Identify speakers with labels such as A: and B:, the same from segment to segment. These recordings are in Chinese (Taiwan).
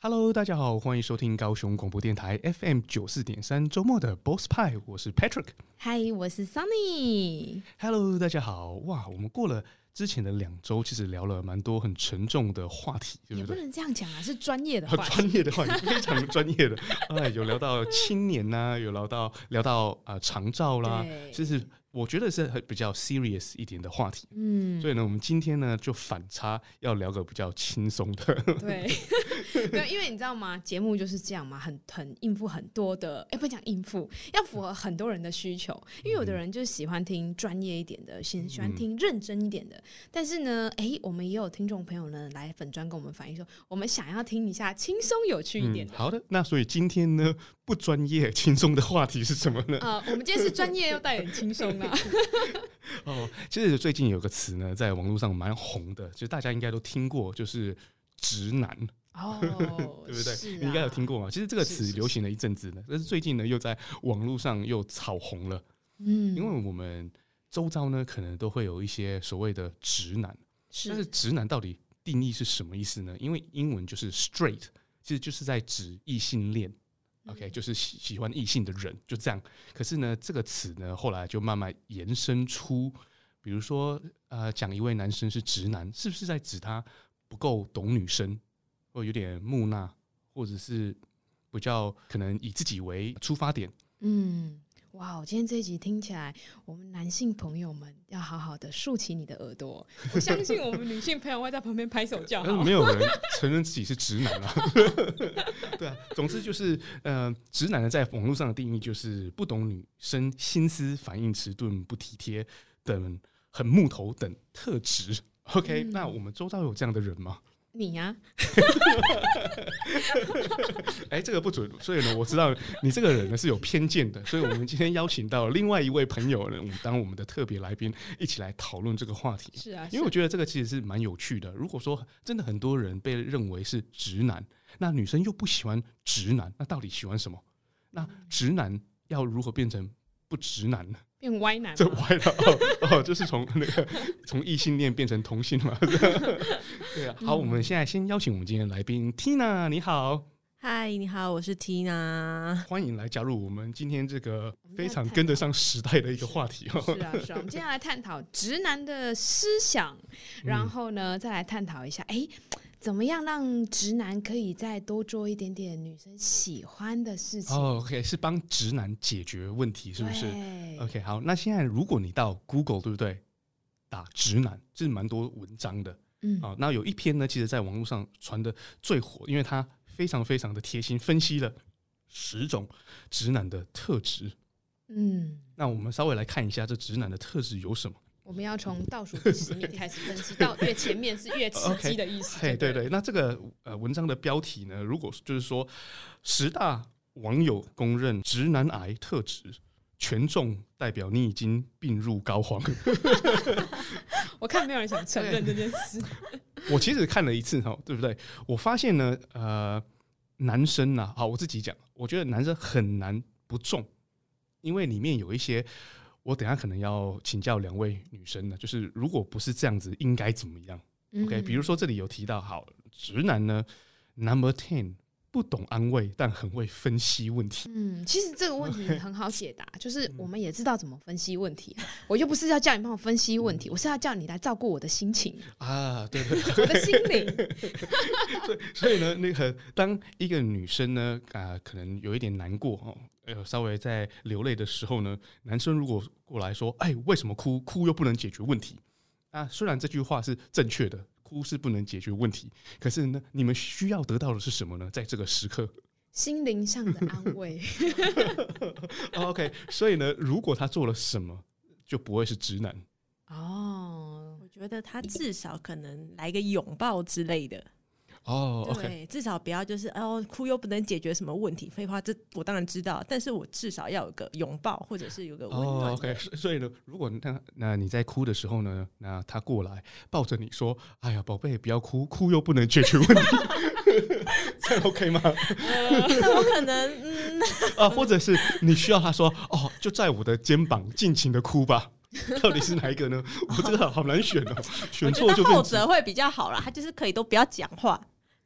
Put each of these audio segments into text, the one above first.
A: Hello，大家好，歡迎收聽高雄廣播電台 FM 九四點三周末的 Boss Pie，我是 Patrick。Hi，我
B: 是 Sunny。
A: Hello，大家好，哇，我們過了之前的兩周，其實聊了蠻多很沉重的話題，對不對？也不不能
B: 這樣講啊，是專業的話，很、啊、專業的話非常
A: 專業的。 哎、有聊到青年吶、啊，有聊到聊到啊、呃，長照啦、啊，其實。是是我覺得是很比較 serious 一點的話題，嗯，所以呢，我們今天呢就反差，要聊個比較輕鬆的，
B: 對。 對，因為你知道嗎？節目就是這樣嘛，很很應付很多的，哎、欸，不講應付，要符合很多人的需求。嗯、因為有的人就喜歡聽專業一點的，喜歡聽認真一點的。嗯、但是呢，哎、欸，我們也有聽眾朋友呢來粉專跟我們反映說，我們想要聽一下輕鬆有趣一點的、嗯。好的，
A: 那所以今天呢。不專業輕鬆的話題是什麼呢？啊、uh,，我們
B: 今天是專業又帶
C: 人輕鬆的。
A: 哦 oh, 其實最近有個詞呢，在網絡上蠻紅的，其實大家應該都聽過，就是直男哦，oh, 對不對？啊、你應該有聽過嘛？其實這個詞流行了一陣子呢是是是，但是最近呢，又在網絡上又炒紅了。
C: 嗯，因為
A: 我們周遭呢，可能都會有一些所謂的直男是，但是直男到底定義是什麼意思呢？因為英文就是 straight，其實就是在指異性戀。OK，就是喜喜歡異性的人就這樣。可是呢，這個詞呢，後來就慢慢延伸出，比如說，呃，講一位男生是直男，是不是在指他不夠懂女生，或有點木訥，或者是比較可能以自己為出發點？
B: 嗯。哇，wow，今天這一集聽起來，我們男性朋友們要好好的豎起你的耳朵， 我相信我們女性朋友會在旁邊拍手叫好。但是沒有人
A: 承認自己是直男啊。 對啊，總之就是，呃，直男的在網絡上的定義就是不懂女生心思、反應遲鈍、不體貼等很木頭等特質。OK，嗯、那我們周遭有這樣的人嗎？你呀、啊， 哎，這個不準，所以呢，我知道你這個人呢是有偏見的，所以我們今天邀請到另外一位朋友呢，我們當我們的特別來賓，一起來討論這個話題。是啊。是啊，因為我覺得這個其實是蠻有趣的。如果說真的很多人被認為是直男，那女生又不喜歡直男，那到底喜歡什麼？那直男要如何變成不直男呢？變歪男，這歪了哦 哦，哦，就是從那個從異性戀變成同性嘛， 對啊。嗯、好，我們現在先邀請我們今天的來賓、嗯、Tina，你好，嗨，你好，我是 Tina，歡迎來加入我們今天這個非常跟得上時代的一個話題哦。是，是啊，是啊是啊 我們今
B: 天來探討直男的思想，然後呢、嗯、再來探討一下哎。欸怎麼樣讓直男可以再多做一點點女生喜歡的事情？哦，OK，
A: 是幫直男解決問題，是不是？對。OK，好。那現在如果你到 Google，對不對？打直男，這、嗯、是蠻多文章的。嗯，啊、哦，那有一篇呢，其實在網絡上傳的最火，因為它非常非常的貼心，分析了十種直男的特質。嗯，那我們稍微來看一下這直男的特質有什麼。
B: 我們要從倒數第十面開始分
A: 析，到越前面是越刺激的意思 okay, 對對。對、hey, 對對，那這個呃文章的標題呢？如果就是說，十大網友公認直男癌特質，全中代表你已經病入膏肓。
B: 我看沒有人想承認這件事
A: 我其實看了一次哈，對不對？我發現呢，呃，男生吶、啊，好，我自己講，我覺得男生很難不中，因為裡面有一些。我等下可能要請教兩位女生呢，就是如果不是這樣子，應該怎麼樣、嗯、？OK，比如說這裡有提到，好，直男呢，Number Ten 不懂安慰，但很會分析問題。
B: 嗯，其實這個問題很好解答， 就是我們也知道怎麼分析問題。嗯、我又不是要叫你幫我分析問題、嗯，我是要叫你來照顧我的心情
A: 啊！對對， 我的心理。 所以呢，那個當一個女生呢，啊、呃，可能有一點難過哦。呃，稍微在流淚的時候呢，男生如果過來說：“哎，為什麼哭？哭又不能解決問題。”啊，雖然這句話是正確的，哭是不能解決問題，可是呢，你們需要得到的是什麼呢？在這個時刻，
B: 心
C: 靈上的安慰。
A: 哦，OK，所以呢，如果他做了什麼，就不會是直男。
C: 哦，我覺得他至少可能來個擁抱之類的。
A: 哦、oh, okay.，對，
C: 至少不要就是哦，哭又不能解決什麼問題，廢話，這我當然知道，但是我至少要有個擁抱，或者是有個溫暖
A: O K，所以呢，如果那那你在哭的時候呢，那他過來抱着你說，哎呀，寶貝，不要哭，哭又不能解決問題， 這 O OK K 嗎？那我可能，啊，或者是你需要他說，哦，就在我的肩膀盡情的哭吧。到底是哪一個呢？我真的好難選哦。 選錯就後者
C: 會比較好了，他就是可以都不要講話。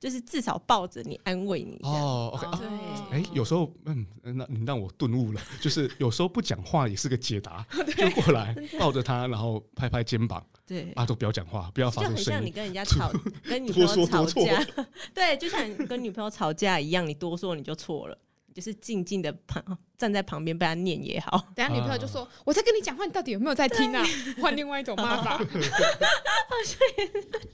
C: 就是至少抱着你安慰你哦，oh, okay. oh, 對，
A: 哎、欸，有時候嗯，那你讓我頓悟了，就是有時候不講話也是個解答，就過來抱着他，然後拍拍肩膀，對，啊，都不要講話，不要發出聲音，就像你
C: 跟人家吵，跟女朋友吵架，多多 對，就像你跟女朋友吵架一樣，你多說你就錯了，就是靜靜的旁站在旁邊被他念也好，等下女朋友就說、啊、我在跟你
B: 講話，你到底有沒有在聽啊？換另外一種方法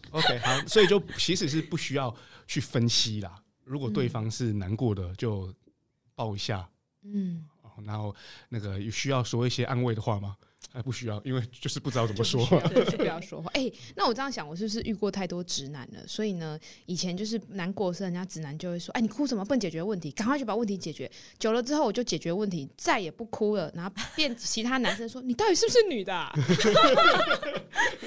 A: ，OK，好，所以就其實是不需要去分析啦，如果對方是難過的，嗯、就抱一下，嗯，然後那個有需要說一些安慰的話嗎？不需要，因為就是不知道怎麼說，就不，要、就是、不
B: 要說話。哎、 欸，那我這樣想，我是不是遇過太多直男了？所以呢，以前就是難過的時候，人家直男就會說：“哎、欸，你哭什麼？不能解決問題，趕快去把問題解決。”久了之後，我就解決問題，再也不哭了，然後變其他男生說：“ 你到底是不是女的、啊？” 所以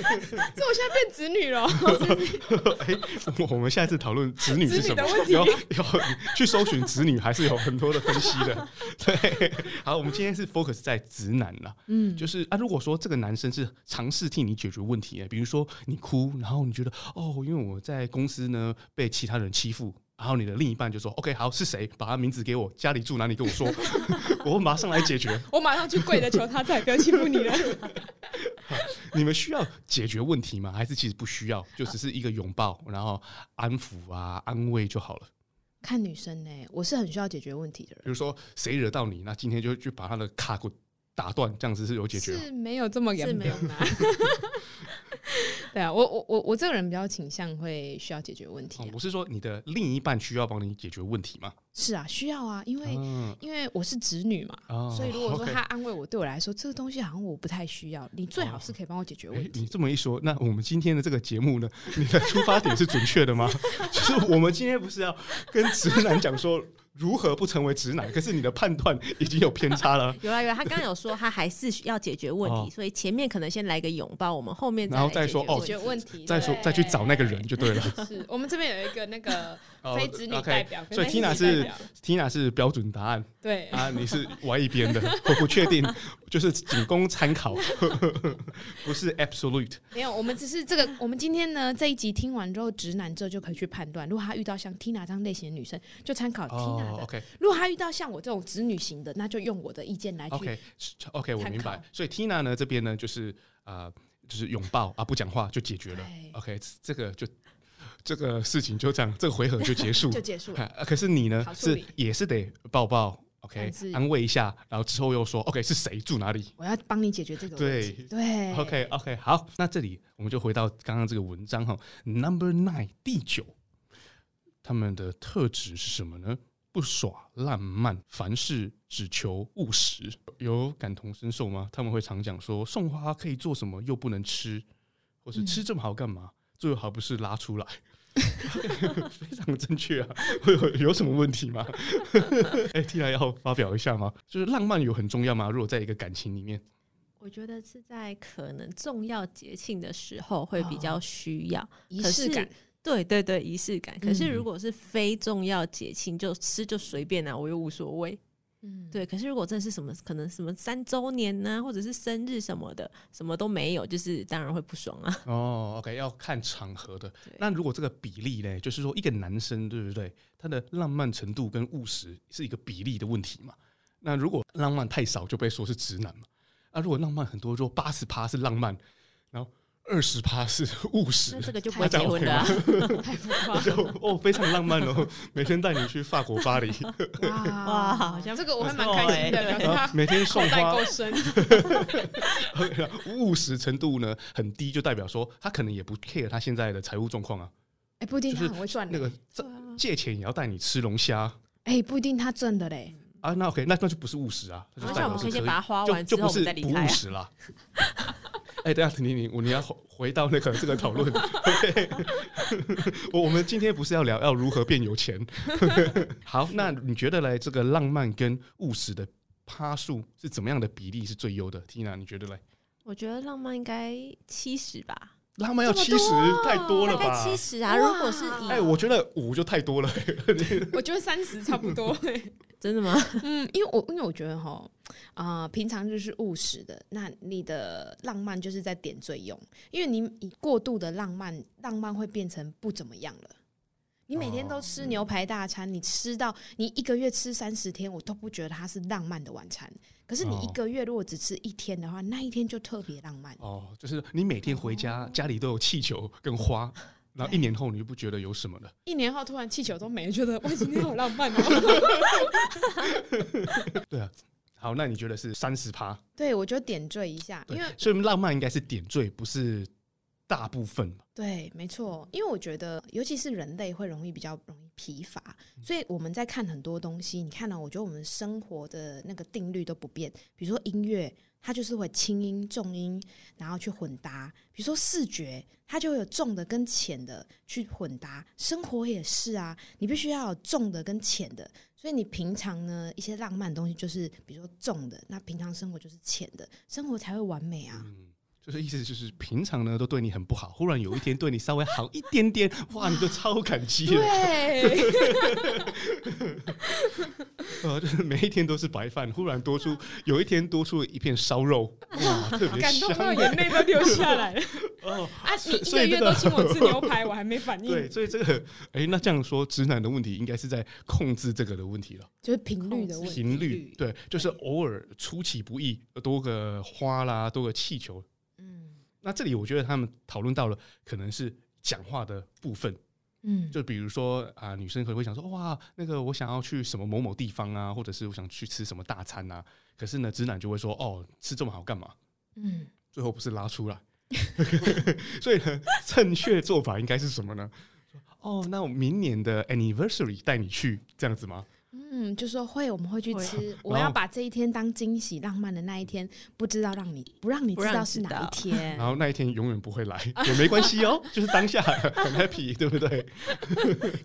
B: 我現在變直女了。
A: 哎、 欸，我們下一次討論直女是什麼問題然後然後？去搜尋直女還是有很多的分析的。對，好，我們今天是 focus 在直男了。嗯，就是。如果說這個男生是嘗試替你解決問題、欸，比如說你哭，然後你覺得哦，因為我在公司呢被其他人欺負，然後你的另一半就說 OK，好，是誰，把他名字給我，家裡住哪裡跟我說， 我馬上來解決。
B: 我馬上去跪着求他，再也 不要欺負你了
A: 你們需要解決問題嗎？還是其實不需要，就只是一個擁抱，然後安撫啊，安慰就好了。
B: 看女生呢、欸，我是很需要解決問題的
A: 人。比如說誰惹到你，那今天就去把他的卡給。打斷這樣子是有解決，是
B: 沒有這麼嚴重嗎？ 對啊，我我我我這個人比較傾向會需要解決問題、啊
A: 哦。我是說，你的另一半需要幫你解決問題嗎？
B: 是啊，需要啊，因為、哦、因為我是直女嘛、哦，所以如果說他安慰我，對我來說、哦 okay、這個東西好像我不太需要，你最好是可以幫我解決問題、哦欸。
A: 你這麼一說，那我們今天的這個節目呢？你的出發點是準確的嗎？ 就是我們今天不是要跟直男講說？如何不成為直男？可是你的判斷已經有偏差了。
C: 有啊有啊，他剛剛有說他還是要解
A: 決問題， 哦、所
C: 以前面可能先來個擁抱，我們後面然後再說哦，解決問題，解決問題再說再去
A: 找那個人就對了 是。
C: 是我們這邊有一個那個。
B: 非，直女，代、oh, okay, 非直女代表，所以 Tina 是
A: Tina 是標準答案。對啊，你是歪一邊的， 我不確定，就是僅供參考， 不是 absolute。
B: 沒有，我們只是這個，我們今天呢這一集聽完之後，直男這就可以去判斷，如果他遇到像 Tina 這樣類型的女生，就參考 Tina、oh, okay. 如果他遇到像我這種直女型的，那就用我的意見來 OK，OK，、
A: okay, okay, 我明白。所以 Tina 呢這邊呢就是啊，就是擁、呃就是、抱啊，不講話就解決了。OK，這個就。這個事情就這樣，這個回合就結束， 就結束。可是你呢，是也是得抱抱，OK，安慰一下，然後之後又說，OK 是誰住哪裡？
B: 我要幫你解決這個問題。對，對，OK，OK，、okay,
A: okay, 好，那這裡我們就回到剛剛這個文章哈，Number Nine 第九，他們的特質是什麼呢？不耍浪漫，凡事只求務實。有感同身受嗎？他們會常講說，送花可以做什麼，又不能吃，或是吃這麼好幹嘛，嗯。最好不是拉出來。 非常正確啊，有有什麼問題嗎？哎，Tia 要發表一下嗎？就是浪漫有很重要嗎？如果在一個感情裡面，
C: 我覺得是在可能重要節慶的時候會比較需要、哦、儀式感。對對對，儀式感。可是如果是非重要節慶，就吃就隨便啊，我又無所謂。嗯、對。可是如果真的是什麼可能什麼三週年呢、啊，或者是生日什麼的，什麼都沒有，就是當然會不爽啊
A: 哦。哦，OK，要看場合的。那如果這個比例呢，就是說一個男生對不對，他的浪漫程度跟務實是一個比例的問題嘛？那如果浪漫太少，就被說是直男嘛？啊，如果浪漫很多，就八十趴是浪漫，二十趴是務實，這個就不結婚的、啊，OK、了太浮誇了 就哦非常浪漫哦， 每天帶你去法國巴黎。哇，哇
C: 好像這個我還蠻開心的對對對，啊。每天送花夠深
A: okay、啊，務實程度呢很低，就代表說他可能也不 care 他現在的財務狀況啊。哎、
B: 欸，不一定他很會賺，
A: 就是、那個、啊、借錢也要帶你吃龍蝦。
B: 哎、欸，不一定他掙的嘞。
A: 啊，那 OK，那那就不是務實啊。那、啊啊、我們可以先把他花完之後不再離、啊、啦。 哎、欸，等下，婷婷，我你，你要回回到那個這個討論， 我我們今天不是要聊要如何變有錢？ 好，那你覺得嘞？這個浪漫跟務實的趴數是怎麼樣的比例是最優的？Tina，你覺得嘞？
C: 我覺得浪漫應該七十吧，
A: 浪漫要七十太多了吧？七十啊，如果是哎、啊欸，我覺得五就太多了。
C: 我覺得三十差不多、欸。
B: 真的嗎？嗯，因為我因為我覺得哈啊、呃，平常就是務實的，那你的浪漫就是在點綴用，因為你過度的浪漫，浪漫會變成不怎麼樣了。你每天都吃牛排大餐，哦、你吃到你一個月吃三十天，我都不覺得它是浪漫的晚餐。可是你一個月如果只吃一天的話，哦、那一天就特別浪漫。
A: 哦，就是你每天回家、哦、家裡都有氣球跟花。然後一年後你就不覺得有什麼了？
B: 一年後突然氣球都沒，覺得我今天好浪漫、
C: 哦、
A: 對啊，好，那你覺得是三十趴？
B: 對，我覺得點綴一下，因為所
A: 以浪漫應該是點綴，不是大部分嘛，
B: 對，沒錯，因為我覺得，尤其是人類會容易比較容易疲乏，所以我們在看很多東西，你看到、啊、我覺得我們生活的那個定律都不變，比如說音樂。它就是會輕音重音，然後去混搭。比如說視覺，它就會有重的跟淺的去混搭。生活也是啊，你必須要有重的跟淺的。所以你平常呢，一些浪漫的東西就是比如說重的，那平常生活就是淺的，生活才會完美啊。嗯
A: 就是意思就是平常呢都對你很不好，忽然有一天對你稍微好一點點， 哇，你就超感激了。對， 呃，就是每一天都是白飯，忽然多出 有一天多出一片燒肉，哇，哦， 特別感動，眼淚都流下
C: 來了。 哦，啊、所以一個月都請我吃牛排， 我還沒反應。對，所以這
A: 個，哎、欸，那這樣說，直男的問題應該是在控制這個的問題了，就是頻率的問題，頻率，對，就是偶爾出其不意，多個花啦，多個氣球。那這裡我覺得他們討論到了可能是講話的部分，嗯，就比如說啊、呃，女生可能會想說哇，那個我想要去什麼某某地方啊，或者是我想去吃什麼大餐啊，可是呢，直男就會說哦，吃這麼好幹嘛？嗯，最後不是拉出來， 所以正確的做法應該是什麼呢？哦、oh，那我明年的 anniversary 帶你去這樣子嗎？
B: 嗯，就說會，我們會去吃。我要把這一天當驚喜、浪漫的那一天，不知道讓你不讓你知道是哪一天。然
A: 後那一天永遠不會來， 也沒關係哦，就是當下 很 happy，對不對？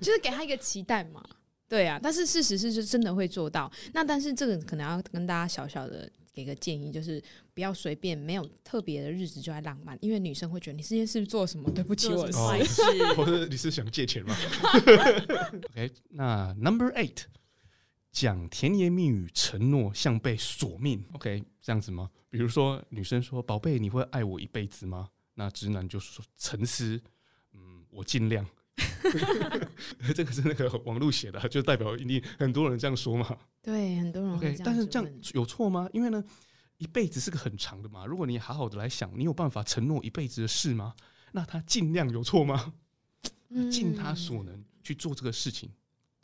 B: 就是給他一個期待嘛，對啊。但是事實是，是真的會做到。那但是這個可能要跟大家小小的給個建議，就是不要隨便沒有特別的日子就在浪漫，因為女生會覺得你今天是不是做了什麼？ 對不起我是、哦，我，
A: 或是你是想借錢嗎 ？OK，那 Number Eight。講甜言蜜語、承諾像被索命。OK，這樣子嗎？比如說，女生說：“寶貝，你會愛我一輩子嗎？”那直男就說：“沉思，嗯，我儘量。 ” 這個是那個網路寫的，就代表很多人這樣說嘛。
B: 對，很多人。OK，但是這樣
A: 有錯嗎？因為呢，一輩子是個很長的嘛。如果你好好的來想，你有辦法承諾一輩子的事嗎？那他儘量有錯嗎？盡、嗯、他所能去做這個事情。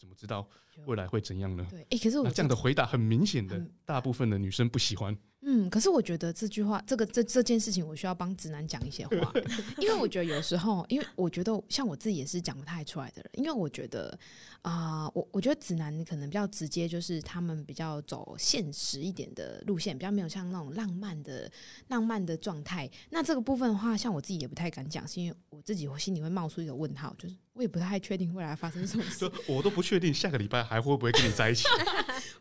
A: 怎麼知道未來會怎樣呢？對、欸、那這樣的回答很明顯的，嗯、大部分的女生不喜歡。
B: 嗯，可是我覺得這句話，這個這這件事情，我需要幫直男講一些話， 因為我覺得有時候，因為我覺得像我自己也是講不太出來的人，因為我覺得啊、呃，我我覺得直男可能比較直接，就是他們比較走現實一點的路線，比較沒有像那種浪漫的浪漫的狀態。那這個部分的話，像我自己也不太敢講，是因為我自己我心裡會冒出一個問號，就是我也不太確定未來發生什麼
A: 事，我都不確定下個禮拜還會不會跟你在一起。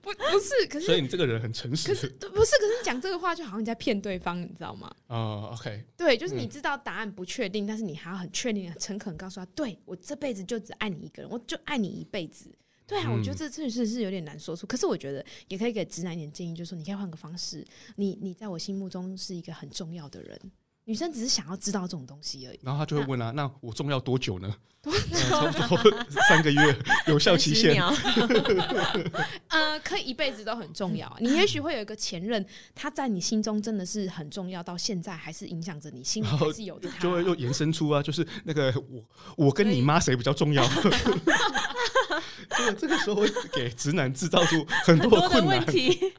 B: 不不是，可是所以
A: 你這個人很誠實可是，
B: 不是，可是講。講這個話就好像在騙對方，你知道嗎？
A: 哦，oh，OK，對，就是你知
B: 道答案不確定，嗯，但是你還要很確定、很誠懇告訴他，對，我這輩子就只愛你一個人，我就愛你一輩子。對啊，嗯，我覺得這確實是有點難說出，可是我覺得也可以給直男一點建議，就是說你可以換個方式，你，你在我心目中是一個很重要的人。女生只是想要知道這種東西而已，然後他就會問
A: 啊，那，那我重要多久呢？多久？嗯，差不多三個月有效期限。
B: 十十 呃，可以一輩子都很重要啊。你也許會有一個前任，他在你心中真的是很重要，到現在還是影響着你心裡。是有
A: 的他，然後就會又延伸出啊，就是那個我，我跟你媽誰比較重要？這個 這個時候會給直男製造出很多，困難很多的問題。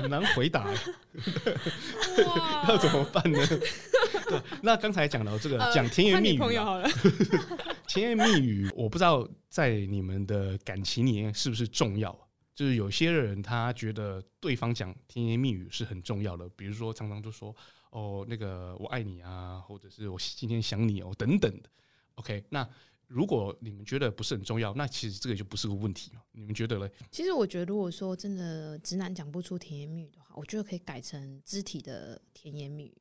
A: 很難回答，要 怎麼辦呢？那剛才講到這個講甜言蜜語，甜言蜜語我不知道在你們的感情裡面是不是重要。就是有些人他覺得對方講甜言蜜語是很重要的，比如說常常就說哦，那個我愛你啊，或者是我今天想你哦等等的 OK，那。如果你們覺得不是很重要，那其實這個就不是個問題嘛。你們覺得咧？其實我
B: 覺得，如果說真的直男講不出甜言蜜語的話，我覺得可以改成肢體的甜言蜜語。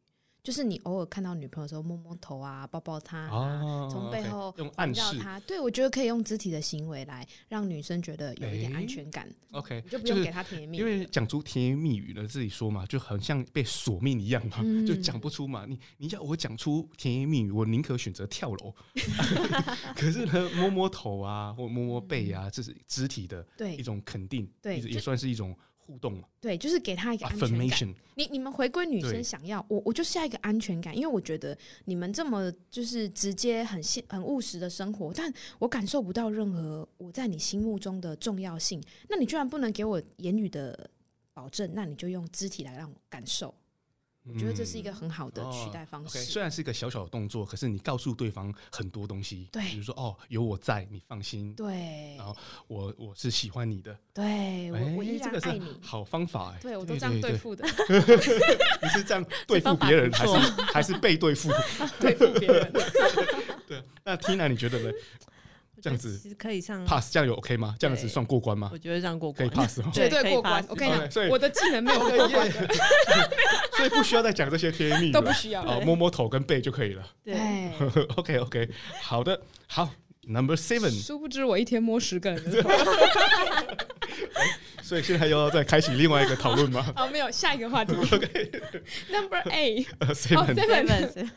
B: 就是你偶爾看到女朋友的時候，摸摸頭啊，抱抱她從、啊哦、背後、哦、okay，用暗示她，對，我覺得可以用肢體的行為來讓女生覺得有一點安全感。
A: 欸、OK，就不用、就是、給她甜言蜜語，因為講出甜言蜜語呢自己說嘛，就很像被索命一樣嘛，嗯、就講不出嘛。你你叫我講出甜言蜜語，我寧可選擇跳樓。 可是呢，摸摸頭啊，或摸摸背啊，嗯、這是肢體的一種肯定，對，對也算是一種。互動，
B: 對，就是給他一個安全感。你你們回歸女生想要我，我就下一個安全感，因為我覺得你們這麼就是直接很現很務實的生活，但我感受不到任何我在你心目中的重要性。那你居然不能給我言語的保證，那你就用肢體來讓我感受。
A: 嗯、我覺得這是一個很
B: 好的取代方式。哦、okay, 雖
A: 然是一個小小的動作，可是你告訴對方很多東西，比如、就是、說哦，有我在，你放心。對，然後我我是喜歡你的。對，欸、我我這個是好方法、欸。對我都這樣對付的。對對對 你是這樣對付別人， 還是 還是被對付？ 對付別人 對，那 Tina 你覺得呢？這樣子可以上 pass，這樣有 OK 嗎？這樣子算過關嗎？我覺得這樣過關，可以 pass，絕對過關。Pass,
C: OK，所以我的技能沒有過關，
A: 所以不需要再講這些甜言蜜語，都不需要。啊、哦，摸摸頭跟背就可以
B: 了。
A: 對呵呵，OK OK，好的，好，Number Seven，殊
B: 不知我一天摸十個人 、
A: 欸。所以現在又要再開啟另外一個討論嗎
B: 好？哦，沒有，下一個話題。 okay. Number Eight，s、uh, seven, oh, seven Seven，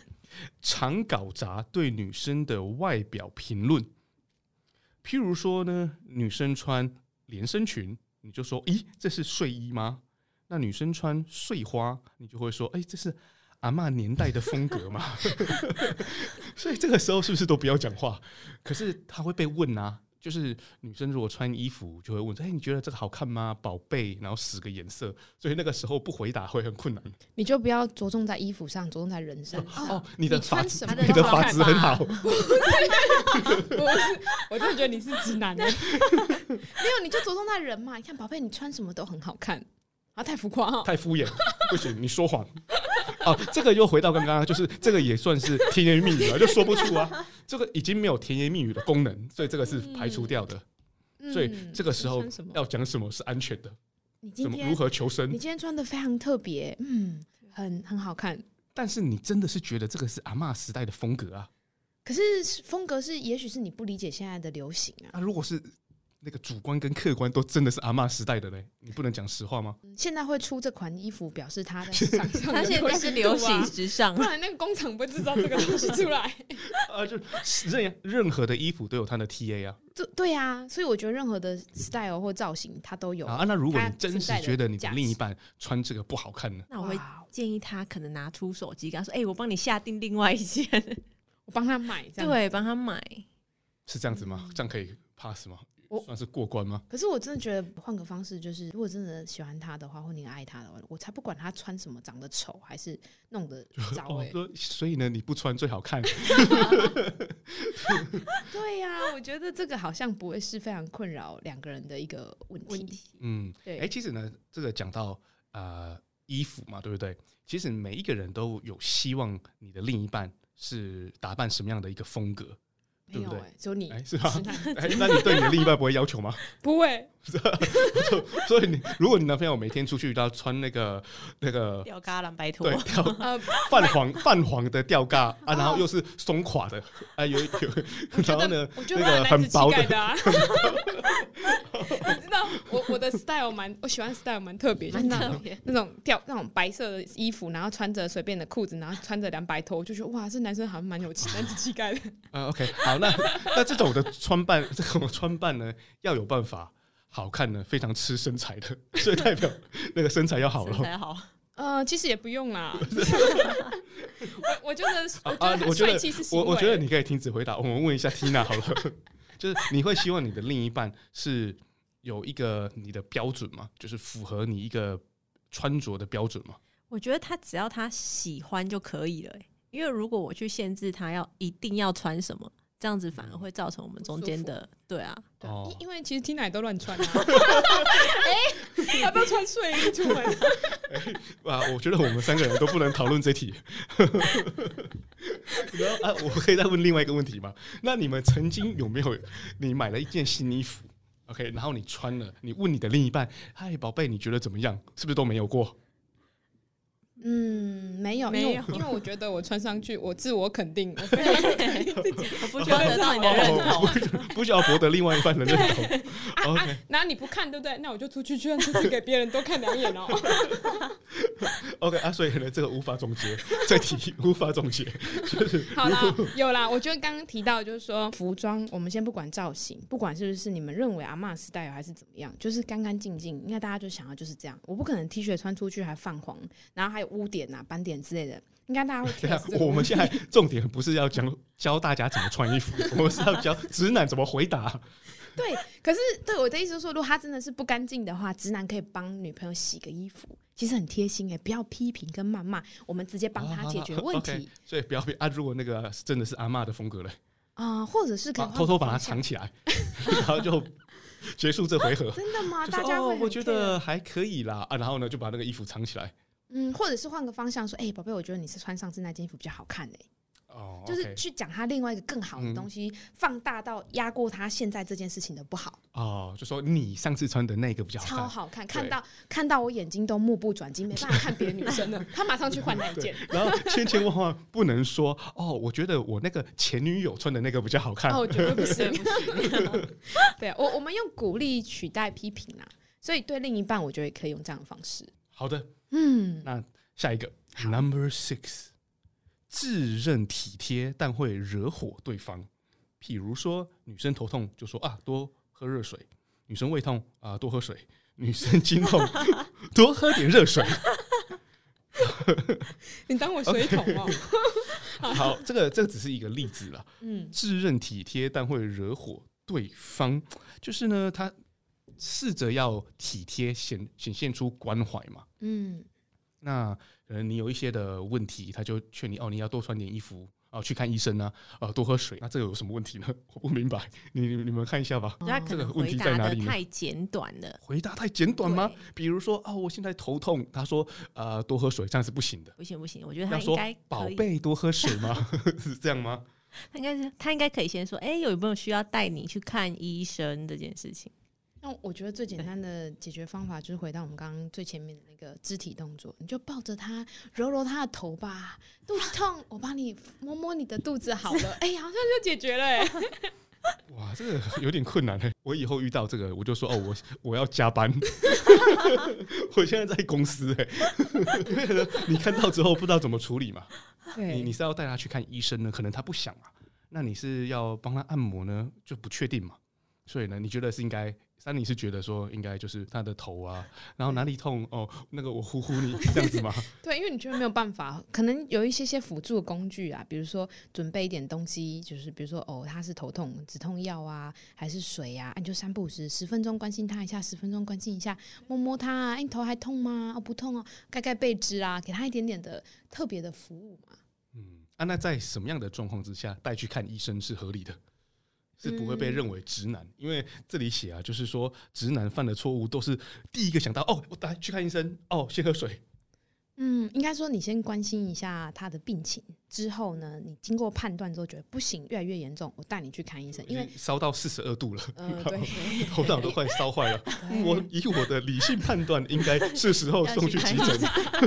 A: 常搞砸對女生的外表評論。譬如說呢，女生穿連身裙，你就說，咦，這是睡衣嗎？那女生穿碎花，你就會說，哎、欸，這是阿嬤年代的風格嗎？ 所以這個時候是不是都不要講話？可是她會被問啊。就是女生如果穿衣服，就會問說：“哎、欸，你覺得這個好看嗎，寶貝？”然後四個顏色，所以那個時候不回答會很困難。
B: 你就不要着重在衣服上，着重在人身。哦，哦你的髮，你穿什麼？你的髮質很好。 不是 我就覺得你是直男的。 那 沒有，你就着重在人嘛。你看，寶貝，你穿什麼都很好看啊！太浮誇、
A: 哦，太敷衍，不行，你說謊。哦、這個又回到剛剛、啊，就是這個也算是甜言蜜語了、啊，就說不出啊。這個已經沒有甜言蜜語的功能，所以這個是排除掉的。嗯、所以這個時候要講什麼是安全的，你今
B: 天怎麼如何求生？你今天穿的非常特別，嗯，很很好
A: 看。但是你真的是覺得這個是阿嬤時代的風格啊？
B: 可是風格是，也許是你不理解現在的流行啊。啊如果是？
A: 那個主觀跟客觀都真的是阿嬤時代的嘞，你不能講實話嗎、嗯？
B: 現在會出這款衣服，表示它、他， 他現在是流行時
A: 尚，啊，不然、啊、那個工廠不會製造這個東西出來。呃、 啊，就是任任何的衣服都有它的 T A 啊，
B: 對對、啊、呀，所以我覺得任何的 style 或造型它都
C: 有啊，啊。那如果你真是覺得你的另一半
A: 穿這個不好看呢，啊、
C: 那我會建議他可能拿出手機，跟他說：“哎、欸，我幫你下訂另外一件，我幫他買。”對，幫他買。
A: 是這樣子嗎？這樣可以 pass 嗎？嗯算是過關嗎？
C: 可是我真的覺得，換個
B: 方式，就是如果真的喜歡他的話，或你愛他的話，我才不管他穿什麼，長得醜還是弄得糟、欸。得
A: 哦、所以呢，你不穿最好看。
B: 對呀、啊，我覺得這個好像不會是非常困擾兩個人的一個問題。 問題，嗯，哎、
A: 欸，其實呢，這個講到呃衣服嘛，對不對？其實每一個人都有希望，你的另一半是打扮什麼樣的一個風格。對不對？沒有、欸，不只就你、欸、是吧、欸？那你對你的另一半不會要求嗎？ 不會。 所以你如果你男朋友每天出去，他穿那個那個吊嘎
C: 藍白拖，對、呃，
A: 泛黃泛黃的吊嘎啊，啊，然後又是鬆垮的哎、啊啊啊、有有，然後呢，我覺得很，啊、很薄的啊。 你知道我我
B: 的 style 蠻我喜歡 style 蠻特別，就是那種那種吊那種白色的衣服，然後穿着隨便的褲子，然後穿着藍白拖，我就覺得哇，這男生好像蠻有男子氣概的。 嗯
A: ，OK，好。 那那這種的穿扮，這種的穿扮呢，要有辦法好看呢，非常吃身材的，所以代表那個身材要好了。身材
B: 好，呃，其實也不用啦。 我覺得，我覺得是啊，我覺得我我覺得
A: 你可以停止回答，我們問一下 Tina 好了。 就是你會希望你的另一半是有一個你的標準嗎？就是符合你一個穿着的標準嗎？
C: 我覺得他只要他喜歡就可以了、欸，因為如果我去限制他要一定要穿什麼。這樣子反而會造成我們中間的對啊，因為其實 Tina 都亂穿啊，哎， 要不要都穿睡衣出來、 哎、
A: 哇，我覺得我們三個人都不能討論這題，然 後啊，我可以再問另外一個問題嗎？那你們曾經有沒有你買了一件新衣服，OK，然後你穿了，你問你的另一半，嗨、哎，寶貝，你覺得怎麼樣？是不是都沒有過？
B: 嗯，沒有沒有，因為我覺得我穿上去，我自我肯定，okay? 我不需要得到你的認同，我
A: 不需要博得另外一半的認同。啊、okay、
B: 啊，你不看對不對？那我就出去出去給別人多看兩眼哦、
A: 喔。 OK，啊，所以這個無法總結，再提無法總結、就是，好
B: 啦，有啦。我覺得剛剛提到就是說服，服裝我們先不管造型，不管是不是你們認為阿嬤的 style 還是怎麼樣，就是乾乾淨淨，應該大家就想要就是這樣。我不可能 T 恤穿出去還泛黃，然後還有。污點吶、啊、斑點之類的，應該大家會。我們現在
A: 重點不是要講教大家怎麼穿衣服， 我們是要教直男怎麼回答、啊。
B: 對，可是對我的意思是說，如果他真的是不乾淨的話，直男可以幫女朋友洗個衣服，其實很貼心誒、欸。不要批評跟謾罵，我們直接幫他解決問題。
A: 啊、okay，所以不要被啊，如果那個真的是阿嬤的風格了
B: 啊，或者是可以、啊、偷偷把它藏
A: 起來， 然後就結束這回合。啊、真
B: 的嗎？就是、大家會、哦、我覺得
A: 還可以啦啊，然後呢就把那個衣服藏起來。
B: 嗯，或者是換個方向說，哎，寶貝，我覺得你是穿上次那件衣服比較好看的、欸、哦，oh,
A: okay. 就是去
B: 講他另外一個更好的東西，嗯、放大到壓過他現在這件事情的不好
A: 哦，oh, 就說你上次穿的那個比較好看超好
B: 看，看到看到我眼睛都目不轉睛，沒辦法看別的女生了， 他馬上去換那一件。 然後
A: 千千萬萬不能說哦，我覺得我那個前女友穿的那個比較好看哦，我覺得不是， 不
B: 是。 對，我我們用鼓勵取代批評啦，所以對另一半我覺得可以用這樣的方式。
A: 好的。嗯，那下一個 Number six，自認體貼但會惹火對方，譬如說女生頭痛就說啊，多喝熱水，女生胃痛啊、呃、多喝水，女生經痛 多喝點熱水。 你當我水桶嗎、哦？Okay、 好， 這個這個只是一個例子了。嗯，自認體貼但會惹火對方，就是呢他。試着要體貼，顯顯現出關懷嘛。嗯，那可能你有一些的問題，他就勸你哦，你要多穿點衣服哦，去看醫生啊，啊、呃，多喝水。那這個有什麼問題呢？我不明白。你你們看一下吧、啊。這個問題在哪裡？哦、太
C: 簡短了，
A: 回答太簡短嗎？比如說啊、哦，我現在頭痛，他說呃，多喝水，這樣是不行的。不行不行，我覺得他應該可以要說寶貝多喝水嗎？ 是這樣嗎？
C: 他應該是他應該可以先說，哎、欸，有沒有需要帶你去看醫生這件事情？
B: 我覺得最簡單的解決方法就是回到我們剛剛最前面的那個肢體動作，你就抱着他揉揉他的頭吧。肚子痛，我幫你摸摸你的肚子好了。哎、
C: 欸，好像就解決了、
A: 欸。 哇，這個有點困難哎、欸。我以後遇到這個，我就說哦，我我要加班。 我現在在公司哎、欸。 你看到之後不知道怎麼處理嘛？你你是要帶他去看醫生呢？可能他不想啊。那你是要幫他按摩呢？就不確定嘛。所以呢，你覺得是應該？那，你是覺得說應該就是他的頭啊，然後哪裡痛哦，那個我呼呼你這樣子嗎？
B: 對，因為你覺得沒有辦法，可能有一些些輔助的工具啊，比如說準備一點東西，就是比如說哦，他是頭痛，止痛藥啊，還是水啊，你就三不五時，十分鐘關心他一下，十分鐘關心一下，摸摸他啊，欸、你頭還痛嗎？哦，不痛哦、啊，蓋蓋被子啊，給他一點點的特別的服務嘛。嗯，
A: 啊，那在什麼樣的狀況之下帶去看醫生是合理的？
B: 是不會被認為
A: 直男，嗯、因為這裡寫啊，就是說直男犯的錯誤都是第一個想到，哦，我等下去看醫生，哦，先喝水。
B: 嗯，應該說你先關心一下他的病情，之後呢，你經過判斷之後覺得不行，越來越嚴重，我帶你去看醫生，因為
A: 燒到四十二度了，呃、對對對，頭腦都快燒壞了。對對對對，我以我的理性判斷，應該是時候送去急診。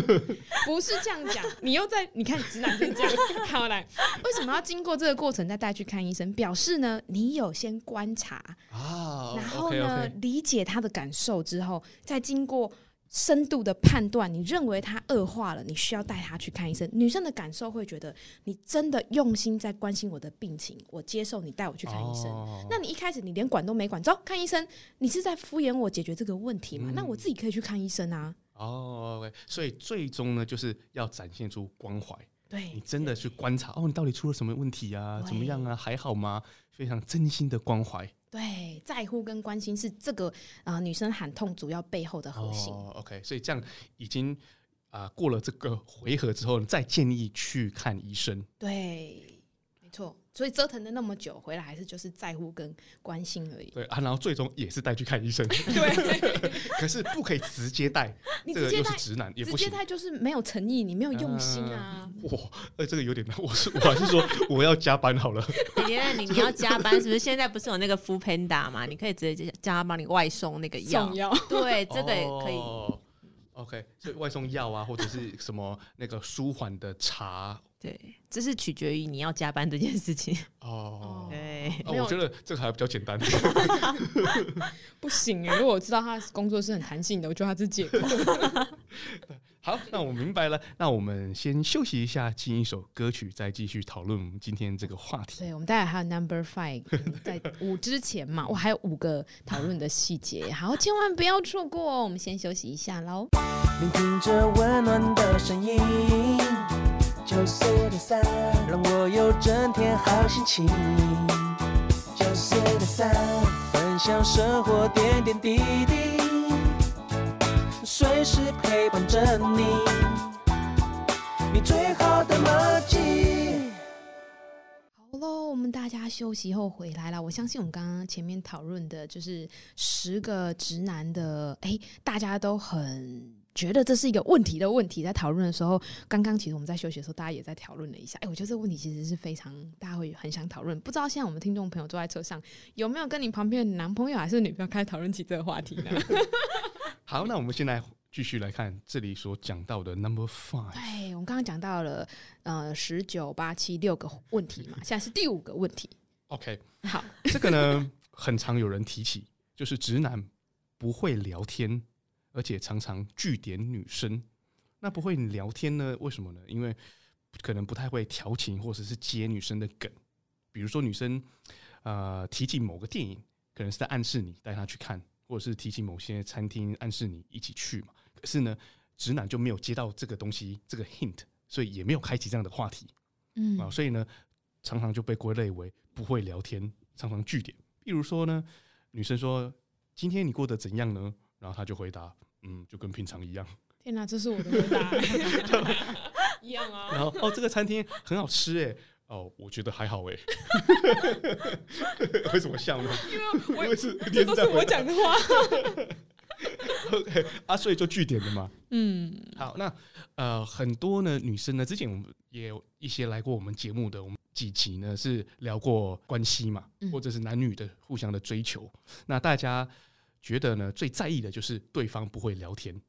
B: 不是這樣講， 你又在，你看你直男就這樣子，好來，為什麼要經過這個過程再帶去看醫生？表示呢，你有先觀察、oh, 然後呢 okay, okay，理解他的感受之後，再經過。深度的判斷，你認為他惡化了，你需要帶他去看醫生。女生的感受會覺得，你真的用心在關心我的病情，我接受你帶我去看醫生。Oh. 那你一開始你連管都沒管，走，看醫生，你是在敷衍我解決這個問題嗎？嗯。那我自己可以去看醫生啊。
A: 哦。Oh, okay. 所以最終呢，就是要展現出關懷，對，對。你真的去觀察哦，你到底出了什麼問題啊？怎麼樣啊？還好嗎？非常真心的關懷。
B: 對，在乎跟關心是這個啊、呃，女生喊痛主要背後的核心。Oh,
A: OK，所以這樣已經啊、呃，過了這個回合之後，你再建議去看醫生。
B: 對。錯，所以折騰了那麼久，回來還是就是在乎跟關心而已。對啊，然
A: 後最終也是帶去看醫生。對， 可是不可以直接帶， 你直接帶、這個、直男帶
B: 就是沒有誠意，你沒有用心啊。呃、
A: 哇，哎、欸，這個有點難，我是我還是說我要加班好
C: 了。你 你要加班是不是？現在不是有那個 foodpanda 嘛？你可以直接叫他幫你外送那個藥。送藥？對，這個也可
A: 以。哦、OK，所以外送藥啊，或者是什麼那個舒緩的茶。
C: 對，這是取決於你要加班這件事情哦。
A: 對、啊，我覺得這個還比較簡單 。
C: 不行哎，如果我知道他工作是很
B: 彈性的，我覺得他是借口
A: 好，那我明白了。那我們先休息一下，進一首歌曲，再繼續討論今天這個話題。
B: 對，我們待會還有 number、no.
C: five，
B: 在五之前嘛，我還有五個討論的細節，好，千萬不要錯過哦。我們先休息一下嘍。
C: 九歲的傘讓我有整天好心情。九歲的傘分享生活點點滴滴，隨時陪伴着你，你最
B: 好的麻吉。好嘍，我們大家休息後回來了。我相信我們剛剛前面討論的就是十個直男的，哎，大家都很。覺得這是一個問題的問題，在討論的時候，剛剛其實我們在休息的時候，大家也在討論了一下。哎、欸，我覺得這個問題其實是非常大家會很想討論。不知道現在我們聽眾朋友坐在車上，有沒有跟你旁邊的男朋友還是女朋友開始討論起這個話題呢？
A: 好，那我們現在繼續來看這裡所講到的 Number Five。
B: 哎，我們剛剛講到了呃十九八七六個問題嘛，現在是第五個問題。 OK，好，
A: 這個呢， 很常有人提起，就是直男不會聊天。而且常常句點女生，那不會聊天呢？為什麼呢？因為可能不太會調情，或者是接女生的梗。比如說女生，呃，提起某個電影，可能是在暗示你帶她去看，或者是提起某些餐廳，暗示你一起去嘛。可是呢，直男就沒有接到這個東西，這個 hint，所以也沒有開啟這樣的話題。
B: 嗯啊，所
A: 以呢，常常就被歸類為不會聊天，常常句點。比如說呢，女生說：“今天你過得怎樣呢？”然後他就回答：“嗯，就跟平常一樣。”
B: 天哪、啊，這是我的回答， 一樣啊。然後哦，這
A: 個餐廳很好吃哎。哦，我覺得還好哎。 為什麼笑呢？因
B: 為我 都是我講的話。 OK，
A: 啊，所以就句點的嘛。嗯，好，那呃，很多呢女生呢，之前我們也有一些來過我們節目的，我們幾集呢是聊過關係嘛，或者是男女的互相的追求。嗯、那大家覺得呢，最在意的就是對方不會聊天，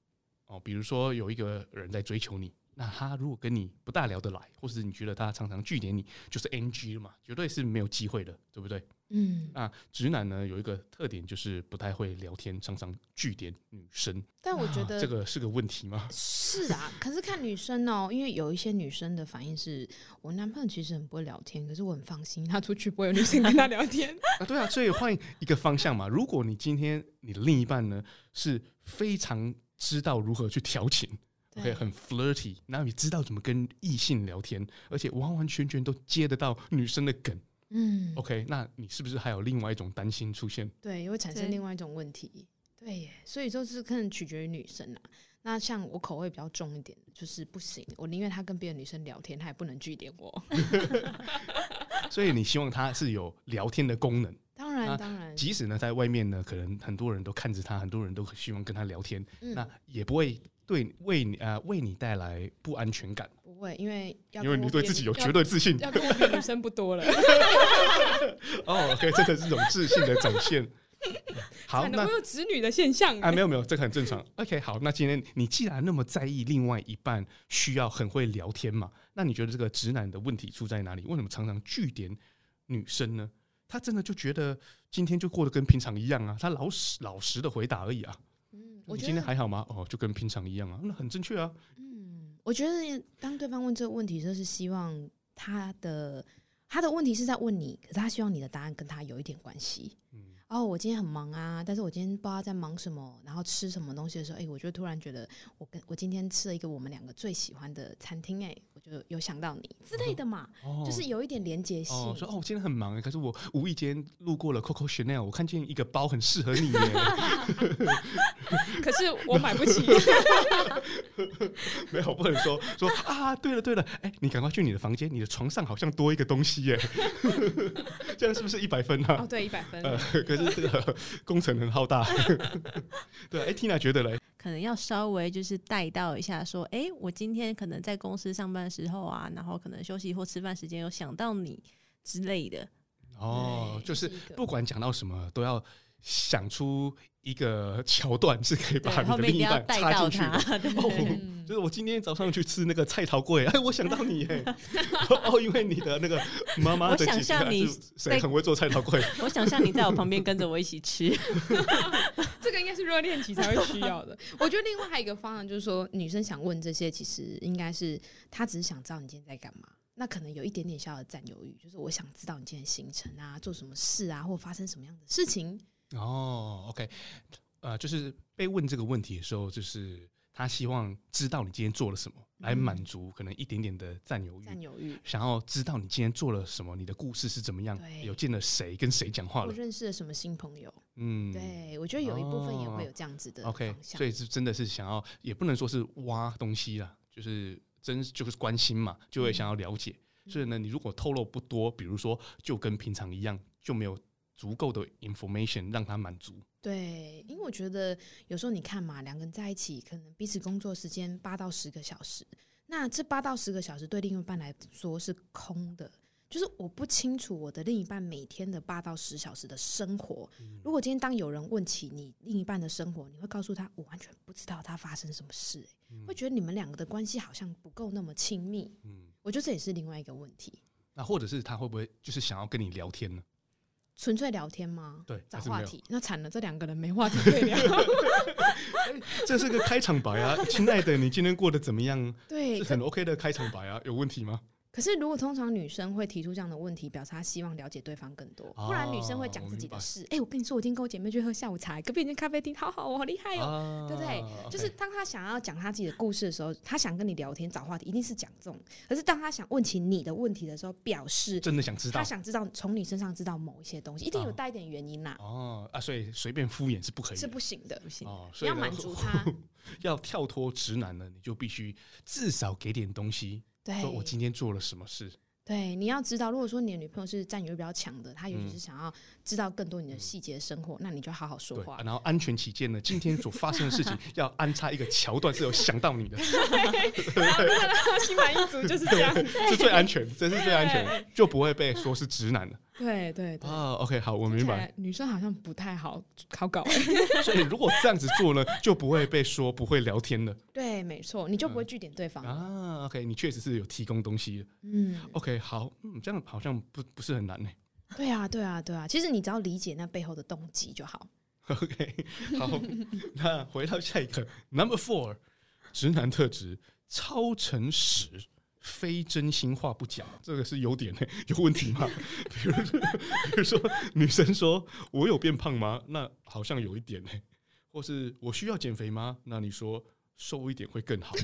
A: 哦，比如說有一個人在追求你，那他如果跟你不大聊得來，或是你覺得他常常句點你，就是 NG 了嘛，絕對是沒有機會的，對不對？嗯，啊，直男呢有一個特點，就是不太會聊天，常常句點女生。但我覺得、啊、這個是個問題嗎？是
B: 啊，可是看女生哦，因為有一些女生的反應是 我男朋友其實很不會聊天，可是我很放心，他出去不會有女生跟他聊
A: 天。 啊，對啊，所以換一個方向嘛。如果你今天你的另一半呢是非常知道如何去調情可以、okay, 很 flirty，然後你知道怎麼跟異性聊天，而且完完全全都接得到女生的梗。嗯，OK，那你是不是還有另外一種擔心出現？
B: 對，也會產生另外一種問題。對，對耶，所以就是可能取決於女生，那像我口味比較重一點，就是不行。我寧願他跟別的女生聊天，他也不能拒絕我。
A: 所以你希望他是有聊天的功能？當然，當然。即使呢，在外面呢，可能很多人都看着他，很多人都希望跟他聊天，嗯、那也不會。對，為你啊，為你帶來不安全感。不會，因為因為你對自己有絕對自信，要，要
B: 跟我女生不多了。
A: 哦、 oh,，OK，這個是種自信的展現。 好，那沒有直女的現象啊？沒有，沒有，這個很正常。OK，好，那今天你既然那麼在意，另外一半需要很會聊天嘛？那你覺得這個直男的問題出在哪裡？為什麼常常句點女生呢？他真的就覺得今天就過得跟平常一樣啊？他老實老實的回答而已啊。你今天還好嗎？哦，就跟平常一樣啊，那很正確啊。嗯，
B: 我覺得當對方問這個問題時，是希望他的他的問題是在問你，可是他希望你的答案跟他有一點關係。嗯。哦，我今天很忙啊，但是我今天不知道在忙什麼，然後吃什麼東西的時候，哎、欸，我就突然覺得我跟我今天吃了一個我們兩個最喜歡的餐廳哎、欸，我就有想到你之類的嘛、哦，就是有一點連接性。我說哦，
A: 我、哦哦、今天很忙，欸，可是我無意間路過了 Coco Chanel，我看見一個包很適合你耶，欸。
C: 可是我買不起
A: 沒有不能說說啊，對了對了，哎、欸，你趕快去你的房間，你的床上好像多一個東西耶，欸。 這樣是不是一百分呢，啊？哦，對，一百分，呃。可是。這 個工程很浩大 對。哎、欸，Tina 覺得嘞，
C: 可能要稍微就是帶到一下，說，哎、欸，我今天可能在公司上班的時候啊，然後可能休息或吃飯時間，有想到你之類的。
A: 哦，就是不管講到什麼，都要想出，一個橋段是可以把你的另一半插進去的到對不對？哦，就是我今天早上去吃那個菜頭粿，哎，我想到你哎、欸、 哦，因為你的那個媽媽、啊，我想象你誰很會做菜頭粿。
C: 我想象你在我旁邊跟着我一起吃。 這個應該是熱戀期才會需要的。
B: 我覺得另外還有一個方案，就是說，女生想問這些，其實應該是她只是想知道你今天在幹嘛。那可能有一點點小小的佔有慾，就是我想知道你今天行程啊，做什麼事啊，或發生什麼樣的事情。
A: 哦、oh，OK，呃，就是被問這個問題的時候，就是他希望知道你今天做了什麼，嗯、來滿足可能一點點的占有欲，占有欲想要知道你今天做了什麼，你的故事是怎麼樣，有見了誰，跟誰講話了，
B: 認識了什麼新朋友。嗯，對，我覺得有一部分也會有這樣子的。oh，OK，
A: 所以是真的是想要，也不能說是挖東西啦，就是真就是關心嘛，就會想要了解。嗯。所以呢，你如果透露不多，比如說就跟平常一樣，就沒有。足夠的 information 讓他滿足。
B: 對，因為我覺得有時候你看嘛，兩個人在一起，可能彼此工作時間八到十個小時，那這八到十個小時對另一半來說是空的，就是我不清楚我的另一半每天的八到十小時的生活。嗯。如果今天當有人問起你另一半的生活，你會告訴他我完全不知道他發生什麼事欸，嗯。會覺得你們兩個的關係好像不夠那麼親密。嗯，我覺得這也是另外一個問題。
A: 那或者是他會不會就是想要跟你聊天呢？
B: 純粹聊天嗎？對，找話題。那慘了，這兩個人沒話題對
A: 聊。 這是個開場白啊，親 愛的，你今天過得怎麼樣？對，是很 OK 的開場白啊， 有問題嗎？
B: 可是，如果通常女生會提出這樣的問題，表示她希望了解對方更多，啊、不然女生會講自己的事。哎、欸，我跟你說，我今天跟我姐妹去喝下午茶，隔壁那咖啡廳好好、喔，好厲害哦、喔。啊，對不對，對、啊 okay？就是當她想要講她自己的故事的時候，她想跟你聊天找話題，一定是講這種。可是，當她想問起你的問題的時候，表示真的想知道，她想知道從你身上知道某一些東西，一定有帶一點原因啦。
A: 哦、啊，啊，所以隨便敷衍是不可以的，是不
B: 行的，不行。哦、啊，要滿足她，
A: 要跳脫直男呢，你就必須至少給點東西。對，說我今天做了什麼事？
B: 對，你要知道，如果說你的女朋友是佔有欲比較強的，她尤其是想要知道更多你的細節生活，嗯，那你就好好說話。然
A: 後安全起見呢，今天所發生的事情 要安插一個橋段是有想到你的，
C: 對，讓他心滿意足， 就是這樣，是最安
A: 全，這是最安全，就不會被說是直男了。對對對哦 OK 好，我明白。
B: 女生好像不太好好搞，欸，
A: 所以如果這樣子做呢，就不會被說不會聊天了。
B: 對，沒錯，你就不會句點對方，嗯、
A: 啊。OK，你確實是有提供東西了。嗯，OK，好，嗯，這樣好像不不是很難呢，欸。
B: 對啊，對啊，對啊，其實你只要理解那背後的動機就好。OK，好，
A: 那回到下一個 ，Number Four，直男特質超誠實。非真心話不講，這個是有點欸？有問題嗎？ 比如說，比如說，女生說我有變胖嗎？那好像有一點欸。或是我需要減肥嗎？那你說瘦一點會更好，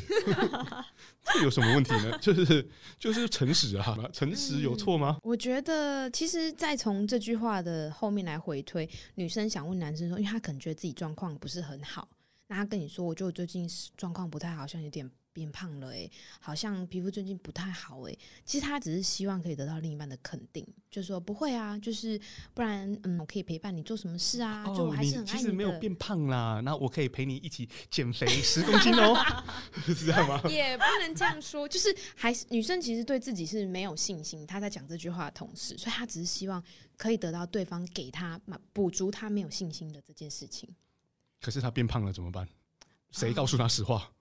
A: 這有什麼問題呢？就是就是誠實啊，誠實有錯嗎？嗯，
B: 我覺得其實再從這句話的後面來回推，女生想問男生說，因為她可能覺得自己狀況不是很好，那她跟你說，我就最近狀況不太好，像有點。變胖了誒、欸，好像皮膚最近不太好誒、欸。其實他只是希望可以得到另一半的肯定，就說不會啊，就是不然，嗯，我可以陪伴你做什麼事啊？哦、就我還是很愛你的，你其實沒有變
A: 胖啦，那我可以陪你一起減肥十公斤哦、喔，是這 樣 嗎？也、Yeah,
B: 不能這樣說，就是還是女生其實對自己是沒有信心。她在講這句話的同時，所以她只是希望可以得到對方給她補足她沒有信心的這件事情。
A: 可是她變胖了怎麼辦？誰告訴她實話？哦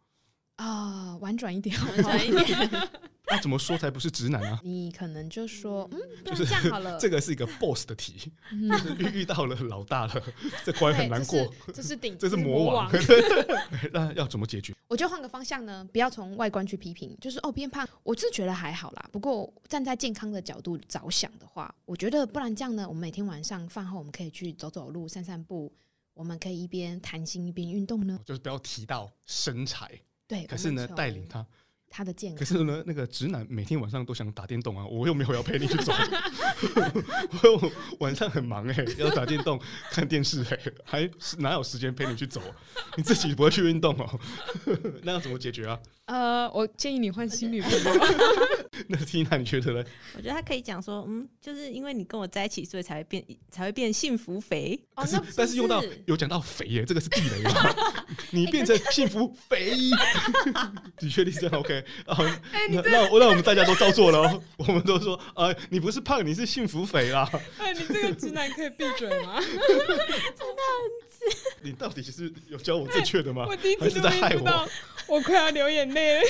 B: 啊、哦，婉轉一點，哦、婉轉
A: 一點。那、 啊、怎麼說才不是直男呢？、啊？
B: 你可能就說，嗯，嗯就是這樣好了。這個
A: 是一個 boss 的題，嗯就是遇到了老大了，嗯、這關很難過。
B: 哎、這是頂，這是魔王，
A: 這是魔王、嗯。 那要怎麼解決？
B: 我就換個方向呢，不要從外觀去批評，就是哦，變胖，我是覺得還好啦。不過站在健康的角度着想的話，我覺得不然這樣呢，我們每天晚上飯後我們可以去走走路、散散步，我們可以一邊談心一邊運動呢。我
A: 就是不要提到身材。對，可是呢，帶領他，
B: 他的健康。可是
A: 呢，那個直男每天晚上都想打電動啊，我又沒有要陪你去走，我 晚上很忙哎、欸，要打電動、 看電視、欸、還哪有時間陪你去走？啊。你自己不會去運動哦、喔， 那要怎麼解決啊？
C: 呃，我建議你換新女朋友。
A: 那 Tina 你覺得呢？
C: 我覺得他可以講說，嗯，就是因為你跟我在一起，所以才會變，才會變幸福肥哦。那是是，但是用到
A: 有講到肥耶，這個是地雷嗎、 欸？你變成幸福肥，欸、 你確定真的確立是 OK，嗯、欸、真的那，那我讓我們大家都照做了， 我們都說，呃，你不是胖，你是幸福肥啦。哎、欸，你這個直
C: 男可以閉嘴嗎 真的
A: 很直？你到底是有教我正確的嗎？欸、我第一次還是在害我？
C: 我快要流眼淚了。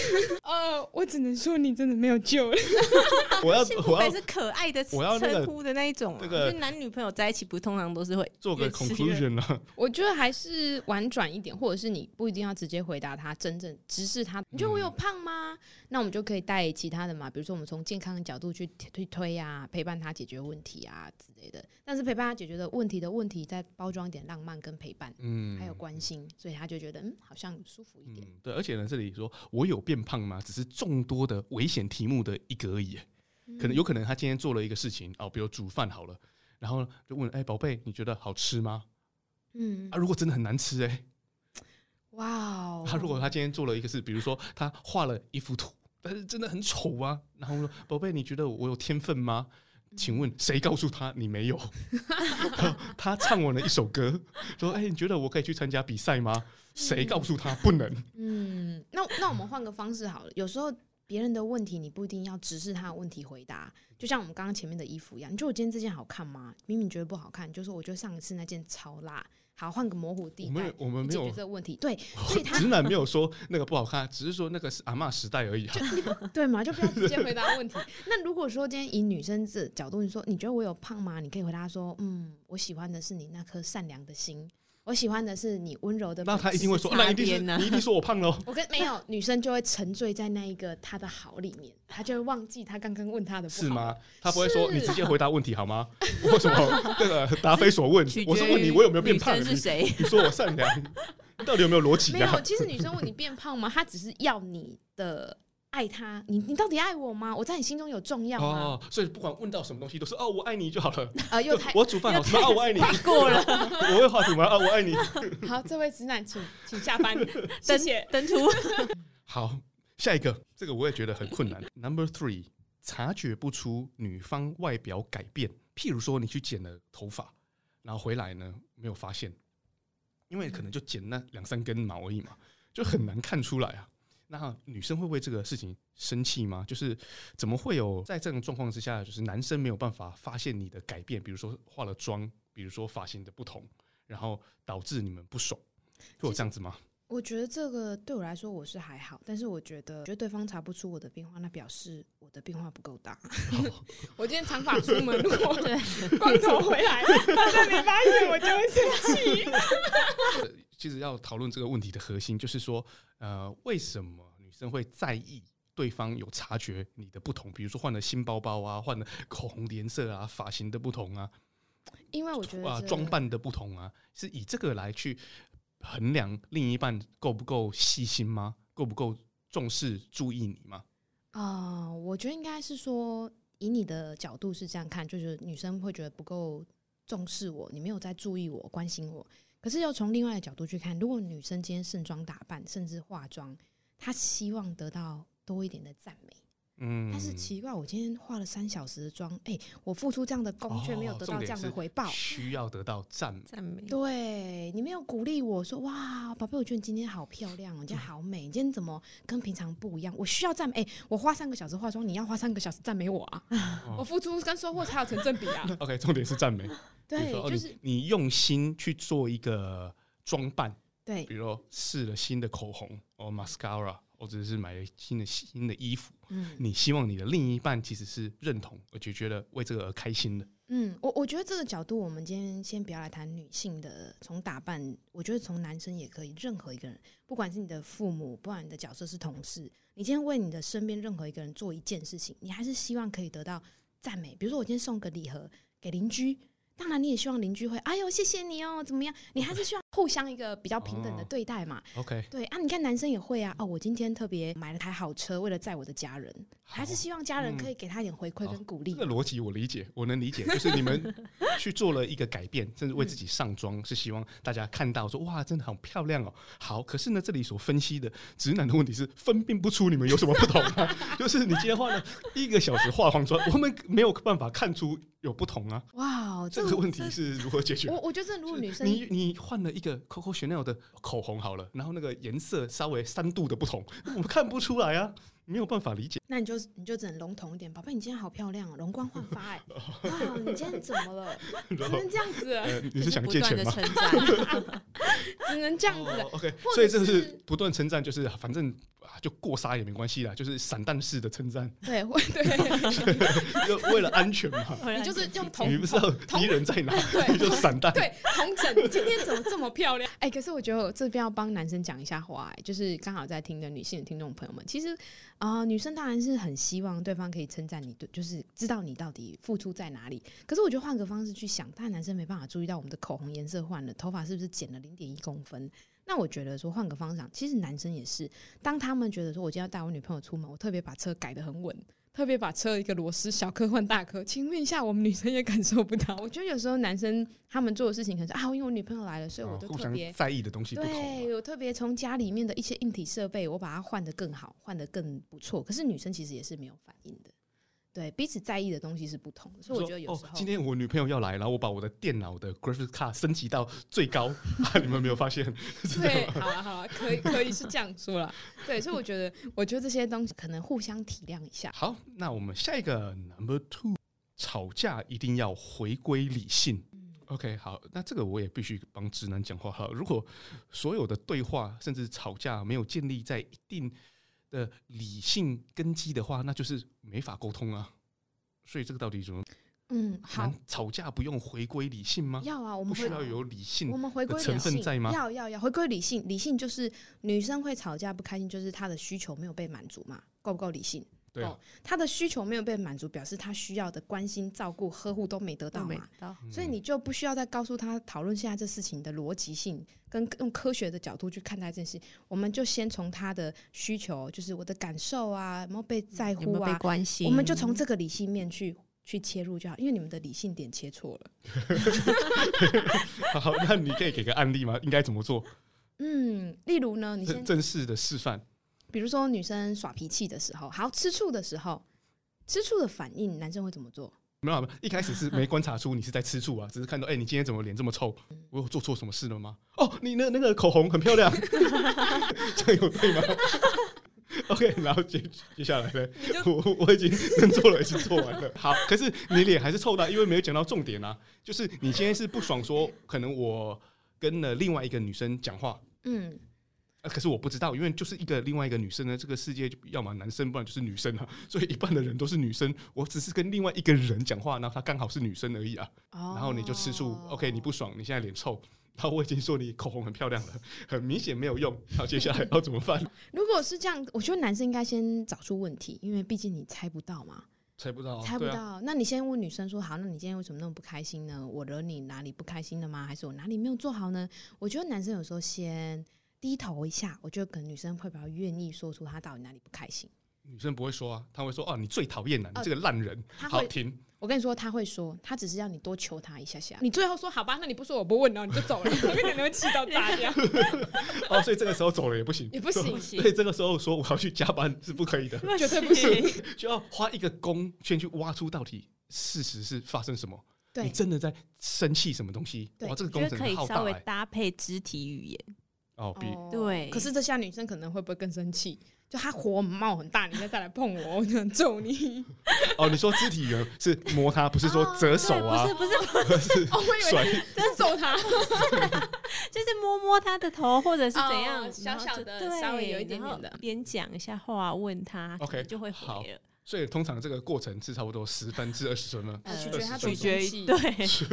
C: 呃，我只能說你真的沒有救。 我要還是可愛的，我要稱呼的那一種、啊那個。這、那個男女朋友在一起不通常都是會越吃越做個 conclusion 啊？我覺得還是婉轉一點，或者是你
B: 不一定要直接回答他，真正直視他。你覺得我有胖嗎？嗯、那我們就可以帶其他的嘛，比如說我們從健康的角度去推推啊，陪伴他解決問題啊之類的。但是陪伴他解決的問題的問題，再包裝一點浪漫跟陪伴，嗯，還有關心，所以他就覺得嗯，好像舒服一點。嗯、
A: 對，而且呢，這裡說我有變胖嗎？只是眾多的危險題目，的一格而已、欸，可能有可能他今天做了一個事情哦，比如煮飯好了，然後就問，哎寶貝，你覺得好吃嗎？嗯啊，如果真的很難吃哎、
B: 欸，哇哦他如果他今
A: 天做了一個事，比如說他畫了一幅圖，但是真的很醜啊，然後我說，寶貝，你覺得我有天分嗎？請問，誰告訴他你沒有？ 他？他唱完了一首歌，說，哎、欸、你覺得我可以去參加比賽嗎？誰告訴他、嗯、不能？
B: 嗯，那那我們換個方式好了，有時候。別人的問題你不一定要直視他的問題回答，就像我們剛剛前面的衣服一樣，你覺得我今天這件好看嗎？明明覺得不好看，就說我覺得上一次那件超辣。好，換個模糊地帶，我們沒有這個問題。對，我所
A: 以他直男沒有說那個不好看， 只是說那個是阿嬤時代而已、啊。
B: 對嘛？就不要直接回答問題。 那如果說今天以女生的角度，你說你覺得我有胖嗎？你可以回答說，嗯，我喜歡的是你那顆善良的心。我喜歡的是你溫柔的，那他一定會說，啊、那一定是你一定說我胖了。我跟沒有女生就會沉醉在那一個他的好裡面，她就會忘記她剛剛問她的。是嗎？他不會說、啊、你直接回答
A: 問題好嗎？為什麼這個 答非所問？是是我是問你我有沒有變胖？你是誰？你說我善良， 你到底有沒有邏輯、啊？沒有。其實女生問你
B: 變胖嗎？她只是要你的。愛他，你你到底愛我嗎？我在你心中有重要嗎？
A: 哦、所以不管問到什麼東西，都是哦，我愛你就好了。啊、呃，又太我煮飯好，啊，我愛你，太過了。我會畫圖嗎？啊，我愛你。
B: 好，這位直男，請請下班， 等謝謝
C: 登圖。
A: 等 好，下一個，這個我也覺得很困難。Number three，察覺不出女方外表改變，譬如說你去剪了頭髮，然後回來呢，沒有發現，因為可能就剪那兩三根毛而已嘛，就很難看出來啊。那女生會為這個事情生氣嗎？就是怎麼會有在這種狀況之下，就是男生沒有辦法發現你的改變，比如說化了妝，比如說髮型的不同，然後導致你們不熟。會有這樣子嗎？
B: 我覺得這個對我來說我是還好，但是我覺得，如果對方查不出我的變化，那表示我的變化不夠大。哦、
A: 我今天長髮出門，如
B: 果，光頭回來了，他 沒發現，我就會生氣。
A: 其實要討論這個問題的核心，就是說，呃，為什麼女生會在意對方有察覺你的不同？比如說換了新包包啊，換了口紅顏色啊，髮型的不同啊，
B: 因為我覺得啊，裝扮
A: 的不同啊，是以這個來去衡量另一半夠不夠細心嗎？夠不夠重視、注意你嗎？
B: 啊、呃，我覺得應該是說，以你的角度是這樣看，就是女生會覺得不夠重視我，你沒有在注意我、關心我。可是要從另外一個角度去看，如果女生今天盛裝打扮，甚至化妝，她希望得到多一點的讚美。嗯，但是奇怪，我今天化了三小時的妝，哎、欸，我付出這樣的功，卻沒有得到這樣的回報。
A: 哦、需要得到讚
B: 美，對，你沒有鼓勵我說，哇，寶貝，我覺得你今天好漂亮，你今天好美，你今天怎麼跟平常不一樣？我需要讚美、欸，我花三個小時化妝，你要花三個小時讚美我啊、哦！我付出跟收穫才有成正比啊。
A: OK，重點是讚美，對，就是你，你用心去做一個裝扮，對，比如試了新的口紅或 mascara。或者是買了新的新的衣服，嗯，你希望你的另一半其實是認同而且覺得為這個而開心的，
B: 嗯，我我覺得這個角度，我們今天先不要來談女性的從打扮，我覺得從男生也可以，任何一個人，不管是你的父母，不管你的角色是同事，你今天為你的身邊任何一個人做一件事情，你還是希望可以得到讚美，比如說我今天送個禮盒給鄰居。當然，你也希望鄰居會，哎呦，謝謝你哦，怎麼樣？你還是希望互相一個比較平等的對待嘛。OK，對啊，你看男生也會啊。哦，我今天特別買了台好車，為了載我的家人，還是希望家人可以給他一點回饋、嗯、跟鼓勵。
A: 這個邏輯我理解，我能理解，就是你們去做了一個改變， 甚至為自己上妝，是希望大家看到說哇，真的很漂亮哦。好，可是呢，這裡所分析的直男的問題是分辨不出你們有什麼不同、啊， 就是你今天化了一個小時化化妝，我們沒有辦法看出有不同啊。
B: 哇。這個問題
A: 是如何解決？我我
B: 覺得，如果你你
A: 你換了一個 Coco Chanel 的口紅好了，然後那個顏色稍微三度的不同，我們看不出來啊。 沒有辦法理解，
B: 那你就你就整籠統一點，寶貝，你今天好漂亮哦，容光煥發哎、哦！你
A: 今
B: 天怎麼了？
A: 只能這樣子、呃？你是想借錢嗎？
B: 是的 只能這樣子、哦。OK，是所以這是
A: 不斷稱讚，就是反正啊，就過殺也沒關係啦，就是散彈式的稱讚。
B: 對對， 對 就為了安全嘛，全你就是用同同你不知道敵人在哪，
A: 對，就是散彈。
B: 對，同整，你 今天怎麼這麼漂亮？哎、欸，可是我覺得我這邊要幫男生講一下話，哎，就是剛好在聽的女性的聽眾朋友們，其實。啊、呃，女生當然是很希望對方可以稱讚你，就是知道你到底付出在哪裡。可是我覺得換個方式去想，但男生沒辦法注意到我們的口紅顏色換了，頭髮是不是剪了零點一公分？那我覺得說換個方向，其實男生也是，當他們覺得說我今天要帶我女朋友出門，我特別把車改得很穩。特別把車一個螺絲小顆換大顆，請問一下，我們女生也感受不到。我覺得有時候男生他們做的事情，可能是啊，因為我女朋友來了，所以我都特別、哦、在
A: 意的東西。對，
B: 我特別從家裡面的一些硬體設備，我把它換得更好，換得更不錯。可是女生其實也是沒有反應的。對彼此在意的東西是不同的，所以我覺得有時候、哦、今
A: 天我女朋友要來，然後我把我的電腦的 graphic card 升級到最高、 啊，你們沒有發現？ 對，好了、啊、
B: 好了、啊，可以可以是這樣說了。 對，所以我覺得我覺得這些東西可能互相體諒一下。
A: 好，那我們下一個 number two，吵架一定要回歸理性。OK，好，那這個我也必須幫直男講話。好，如果所有的對話甚至吵架沒有建立在一定的理性根基的話，那就是。沒法溝通啊，所以這個到底怎麼？嗯，
B: 好，
A: 吵架不用回歸理性嗎？要
B: 啊，我們不需要有
A: 理性，我們回歸理性。要
B: 要要，回歸理性，理性就是女生會吵架不開心，就是她的需求沒有被滿足嘛，夠不夠理性？哦，他的需求沒有被滿足，表示他需要的關心、照顧、呵護都沒得到嘛，都沒到？所以你就不需要再告訴他討論現在這事情的邏輯性，跟用科學的角度去看待這件事。我們就先從他的需求，就是我的感受啊，有沒有被在乎啊，有沒有被關心。我們就從這個理性面去去切入就好，因為你們的理性點切錯
A: 了。 好，那你可以給個案例嗎？應該怎麼做？
B: 嗯，例如呢，你先正
A: 式的示範。
B: 比如說女生耍脾氣的時候，好吃醋的時候，吃醋的反應，男生會怎麼做？
A: 沒有沒有，一開始是沒觀察出你是在吃醋啊，只是看到哎、欸，你今天怎麼臉這麼臭？我有做錯什麼事了嗎？哦，你那那個口紅很漂亮， 這樣有對嗎？OK，然後接接下來呢，我我已經做了也是做完了。好，可是你臉還是臭的。啊，因為沒有講到重點啊。就是你今天是不爽說，說可能我跟了另外一個女生講話，嗯。啊、可是我不知道，因為就是一個另外一個女生呢，這個世界就要麼男生，不然就是女生啊，所以一半的人都是女生。我只是跟另外一個人講話，然後她剛好是女生而已啊。哦、然後你就吃醋，OK？你不爽，你現在臉臭。然後我已經說你口紅很漂亮了，很明顯沒有用。那接下來要怎麼辦？
B: 如果是這樣，我覺得男生應該先找出問題，因為畢竟你猜不到嘛，
A: 猜不到，猜不到、
B: 啊。那你先問女生說，好，那你今天為什麼那麼不開心呢？我惹你哪裡不開心了嗎？還是我哪裡沒有做好呢？我覺得男生有時候先。低頭一下，我覺得可能女生會比較願意說出她到底哪裡不開心。
A: 女生不會說啊，她會說：“哦、啊，你最討厭男，你這個爛人。”好，停。
B: 我跟你說，她會說，她只是要你多求他一下下。你最後說：“好吧，那你不說我不問了，然後你就走了。 你”我跟你講，你會氣到炸
A: 掉。哦，所以這個時候走了也不行，也不行，行。所以這個時候說我要去加班是不可以的， 絕對不行。 就要花一個工，先去挖出到底事實是發生什麼。對，你真的在生氣什麼東西？哦，這個工程、欸、我可以稍微搭
C: 配肢體語言。哦、oh,，對。可是
B: 這下女生可能會不會更生氣？就她火冒很大，你再再來碰我，我就揍你。
A: 哦、oh,，你說肢體語言是摸她，不是說折手啊？不、oh, 是，
C: 不、
A: oh, 是，是哦，我以為是
C: 折手。她就是摸摸她的頭，或者是怎樣小小的，稍微有一點點的，邊講一下話，問她 OK 就會好了。
A: Okay, 好所以通常這個過程是差不多十分至二十分了、呃分鐘，取決他，取決，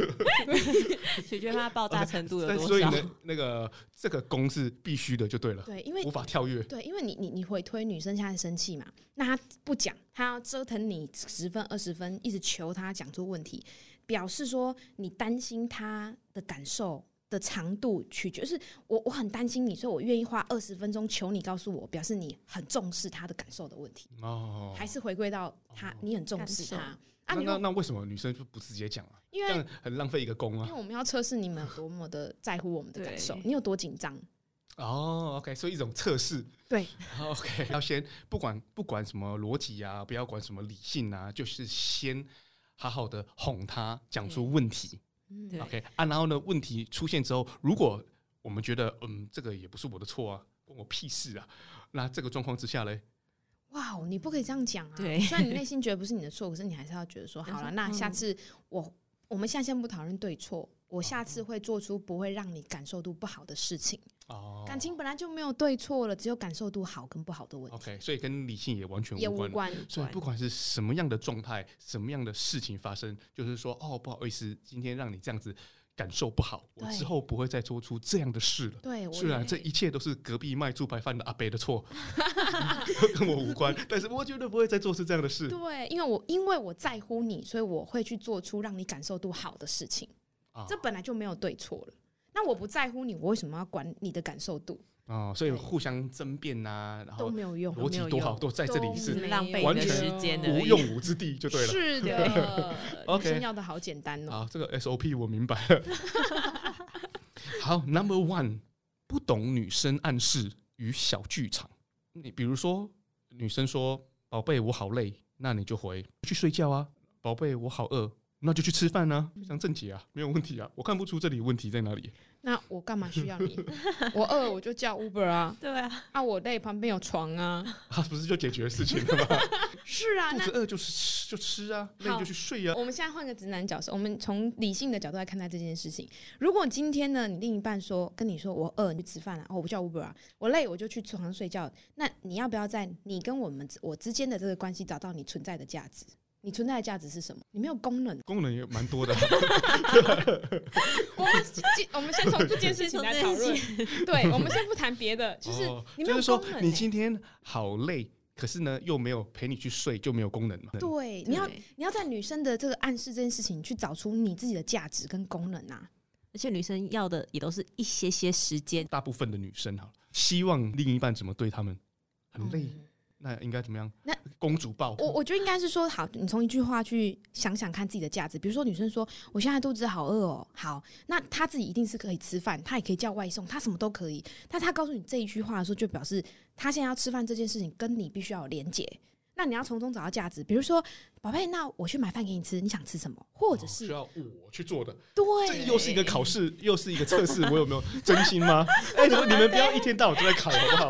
A: 對，
C: 取決他爆炸程度的多少。Okay, 所以那
A: 那個這個功是必須的就對了。對，因為無法跳躍。對，
B: 因為你你你回推女生現在生氣嘛，那她不講，她要折騰你十分二十分，一直求她講出問題，表示說你擔心她的感受。的長度取決、就是我我很擔心你，所以我願意花二十分鐘求你告訴我，表示你很重視他的感受的問題。
A: 哦、oh.，還是
B: 回歸到他，oh. 你很重視他。啊、那那，那，
A: 那為什麼女生就不直接講啊？因為很浪費一個功啊。因為我
B: 們要測試你們多麼的在乎我們的感受， 你有多緊張。
A: 哦、oh,，OK，所以一種測試。對，OK， 要先不管不管什麼邏輯啊，不要管什麼理性啊，就是先好好的哄他，講出問題。OK 啊，然後呢？問題出現之後，如果我們覺得嗯，這個也不是我的錯啊，關我屁事啊，那這個狀況之下呢？
B: 哇、wow，你不可以這樣講啊！對，雖然你內心覺得不是你的錯， 可是你還是要覺得說，好了，那下次我 我，我們下線不討論對錯，我下次會做出不會讓你感受到不好的事情。哦、oh,，感情本來就沒有對錯了，只有感受度好跟不好的問題。
A: OK，所以跟理性也完全無也無關。所以不管是什麼樣的狀態，什麼樣的事情發生，就是說，哦，不好意思，今天讓你這樣子感受不好，我之後不會再做出這樣的事了。對，我雖然這一切都是隔壁賣豬排飯的阿伯的錯， 跟我無關， 但是我絕對不會再做出這樣的事。
B: 對，因為我因為我在乎你，所以我會去做出讓你感受度好的事情。Oh. 這本來就沒有對錯了。那我不在乎你，我為什麼要管你的感受度？
A: 哦，所以互相爭辯吶，然後都沒有用，邏輯多好，都在這裡是浪費的時間，無用武之地就對了。是的， 女生要的好簡單哦。啊，這個 SOP 我明白了。好，Number One，不懂女生暗示與小劇場。你比如說，女生說“寶貝，我好累”，那你就回去睡覺啊。寶貝，我好餓。那就去吃飯呢，非常正經啊，沒有問題啊，我看不出這裡問題在哪裡？
B: 那我幹嘛需要你？ 我餓，我就叫 Uber 啊。對啊，那、啊、我累，旁邊有床啊，
A: 啊，不是就解決事情了嗎？
B: 是啊，肚子餓就是吃，就吃啊，累 就去睡啊。我們現在換個直男角色，我們從理性的角度來看待這件事情。如果今天呢，你另一半說跟你說我餓，你去吃飯了、啊，我不叫 Uber，啊。我累我就去床上睡覺，那你要不要在你跟我們我之間的這個關係找到你存在的價值？你存在的價值是什麼？你沒有功能、
A: 啊，功能也蠻多的、啊 我。
B: 我們我們先從這件事情來討論，對，我們先不談別的，就是、哦
A: 你欸、就是說，你今天好累，可是呢又沒有陪你去睡，就沒有功能嘛？對，
B: 你要、欸、你要在女生的這個暗示這件事情去找出你自己的價值跟功能啊！
A: 而且女生要的也都是一些些時間，大部分的女生哈，希望另一半怎麼對她們很累。嗯那應該怎麼樣？那公主抱我，我
B: 覺得應該是說，好，你從一句話去想想看自己的價值。比如說女生說：“我現在肚子好餓哦。”好，那她自己一定是可以吃飯，她也可以叫外送，她什麼都可以。但她告訴你這一句話的時候，就表示她現在要吃飯這件事情跟你必須要有連接。那你要從中找到價值。比如說，寶貝，那我去買飯給你吃，你想吃什麼？
A: 或者是需要我去做的？
B: 對、欸，這又是一個考試，
A: 又是一個測試，我有沒有真心嗎？哎、欸，你們不要一天到晚就在考，好不好？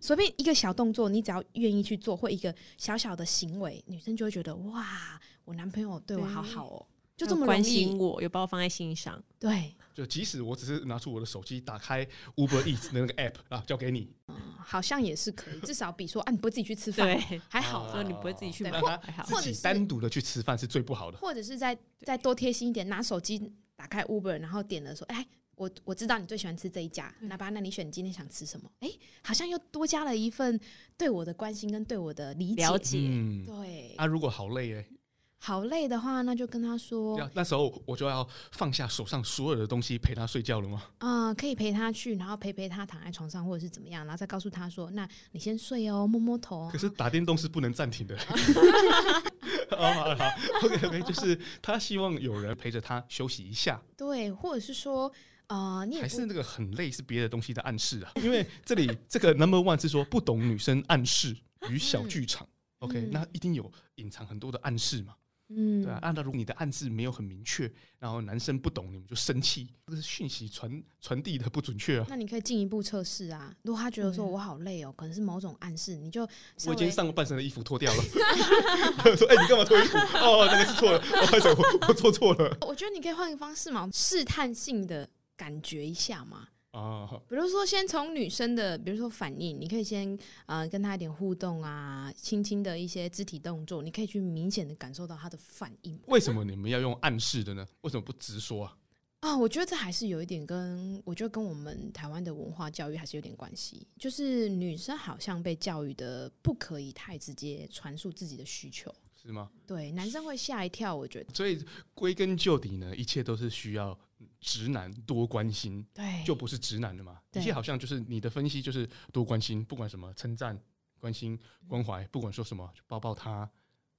B: 隨便一個小動作，你只要願意去做，或一個小小的行為，女生就會覺得哇，我男朋友對我好對好，好哦，就這麼關心
A: 我，我有把我放在心上，對。就即使我只是拿出我的手機，打開 Uber Eats 的那個 App 啊，交給你，哦。
B: 好像也是可以，至少比說啊，你不自己去吃飯， 對，還好。哦，所以你不會自己去，還好。或者單獨
A: 的去吃飯是最不好的。或
B: 者是，或者是再再多貼心一點，拿手機打開 Uber，然後點了說，哎，我我知道你最喜歡吃這一家，那爸，那你選你今天想吃什麼？哎、欸，好像又多加了一份對我的關心跟對我的理解。了解。嗯、
A: 對，那、啊、如果好累耶、嗯、
B: 好累的話，那就跟他說。
A: 那時候我就要放下手上所有的東西陪他睡覺了嗎？嗯、
B: 呃、可以陪他去，然後陪陪他躺在床上或者是怎麼樣，然後再告訴他說：“那你先睡哦，摸摸頭。”可
A: 是打電動是不能暫停的。 哦、好好好，OK，OK，、okay, okay, 就是他希望有人陪着他休息一下，
B: 對，或者是說。Uh, 你也還是那
A: 個很累是別的東西的暗示啊， 因為這裡這個 number、no. one 是說不懂女生暗示與小劇場、 嗯、，OK，、嗯、那一定有隱藏很多的暗示嘛，
B: 嗯，對、啊，按
A: 照如果你的暗示沒有很明確，然後男生不懂，你們就生氣，這個訊息傳傳遞的不準確啊。
B: 那你可以進一步測試啊，如果他覺得說我好累哦、喔，可能是某種暗示，你就我已經上
A: 半身的衣服脫掉了， 說哎、欸、你幹嘛脫衣服？ 哦那個是錯了，哦、我我做錯了。
B: 我覺得你可以換個方式嘛，試探性的。感覺一下嘛啊，比如說先從女生的，比如說反應，你可以先啊、呃，跟她一點互動啊，輕輕的一些肢體動作，你可以去明顯的感受到她的反應、
A: 啊。為什麼你們要用暗示的呢？為什麼不直說
B: 啊？啊，我覺得這還是有一點跟我覺得跟我們台灣的文化教育還是有點關係。就是女生好像被教育的不可以太直接傳述自己的需求，
A: 是嗎？
B: 對，男生會嚇一跳，我覺得。
A: 所以歸根究底呢，一切都是需要。直男多關心，對，就不是直男了嘛。一切好像就是你的分析，就是多關心，不管什麼稱讚、關心、關懷，不管說什麼，就抱抱他，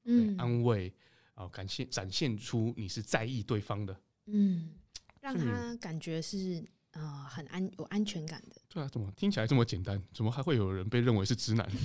A: 嗯，安慰啊、呃，感現，展現出你是在意對方的，
B: 嗯，讓他感覺是啊、呃，很安有安全感的。
A: 對啊，怎麼聽起來這麼簡單？怎麼還會有人被認為是直男？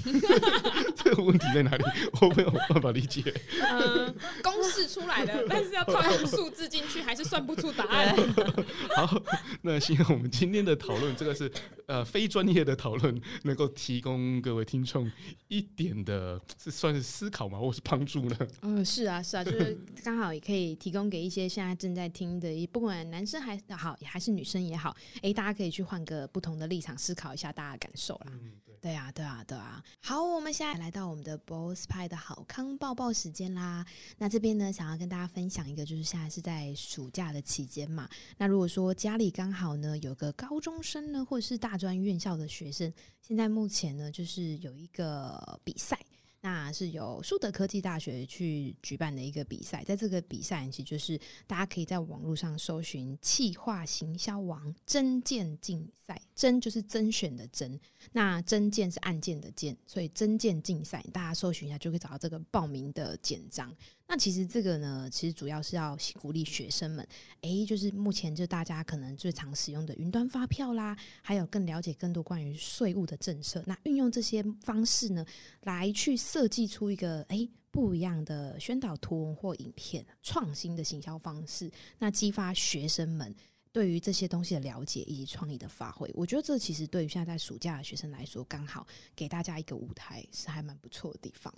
A: 這個問題在哪裡？我沒有辦法理解。呃，
B: 公式出來了， 但是要套數字進去， 還是算不出答
A: 案。 好，那希望我們今天的討論，這個是呃非專業的討論，能夠提供各位聽眾一點的，是算是思考嘛，或是幫助呢？嗯、
B: 呃，是啊，是啊，就是剛好也可以提供給一些現在正在聽的，一不管男生還好，還是女生也好，哎、欸，大家可以去換個不同的例。立場思考一下大家的感受啦。嗯，對，對啊，對啊，對啊。好，我們現在來到我們的 boss pie 的好康報報時間啦。那這邊呢，想要跟大家分享一個，就是現在是在暑假的期間嘛。那如果說家裡剛好呢有個高中生呢，或者是大專院校的學生，現在目前呢就是有一個比賽。那是由樹德科技大學去舉辦的一個比賽，在這個比賽其實就是大家可以在網絡上搜尋“企劃行銷王徵件競賽”，徵就是徵選的徵，那徵件是案件的件，所以徵件競賽大家搜尋一下就可以找到這個報名的簡章。那其實這個呢，其實主要是要鼓勵學生們，哎、欸，就是目前就大家可能最常使用的雲端發票啦，還有更了解更多關於稅務的政策。那運用這些方式呢，來去設計出一個哎、欸、不一樣的宣導圖文或影片，創新的行銷方式，那激發學生們對於這些東西的了解以及創意的發揮。我覺得這其實對於現在在暑假的學生來說，剛好給大家一個舞台，是還蠻不錯的地方。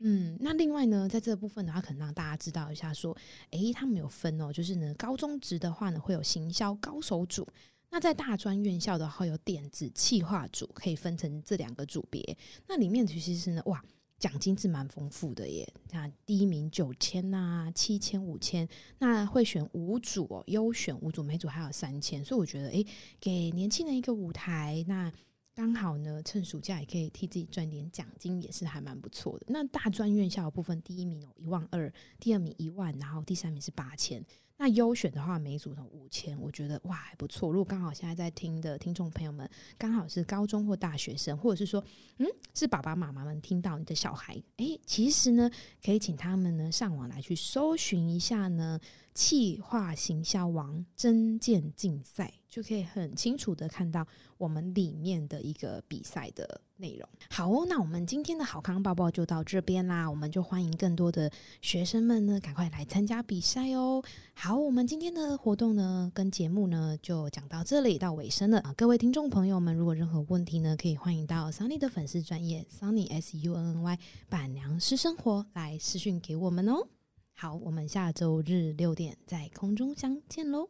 B: 嗯，那另外呢，在這個部分的話，可能讓大家知道一下，說，誒、欸，他們有分哦、喔，就是呢，高中職的話呢，會有行銷高手組；那在大專院校的話，有點子企劃組，可以分成這兩個組別。那裡面其實是呢，哇，獎金是蠻豐富的耶，那第一名九千吶，七千、五千，那會選五組、喔，優選五組，每組還有三千，所以我覺得，誒、欸，給年輕人一個舞台，那。剛好呢，趁暑假也可以替自己賺點獎金，也是還蠻不錯的。那大專院校的部分，第一名有一萬二，12000，第二名一萬，然後第三名是八千。那優選的話，每組是五千，我覺得哇還不錯。如果剛好現在在聽的聽眾朋友們，剛好是高中或大學生，或者是說，嗯，是爸爸媽媽們聽到你的小孩，誒，其實呢，可以請他們呢上網來去搜尋一下呢。企劃行銷王徵件競賽，就可以很清楚的看到我們裡面的一個比賽的內容。好哦，那我們今天的好康報報就到這邊啦，我們就歡迎更多的學生們呢，趕快來參加比賽哦。好，我們今天的活動呢，跟節目呢，就講到這裡，到尾聲了。啊、各位聽眾朋友們，如果任何問題呢，可以歡迎到 Sunny 的粉絲專頁 Sunny S U N N Y 版娘私生活來私訊給我們哦。好，我們下周日六點在空中相見嘍。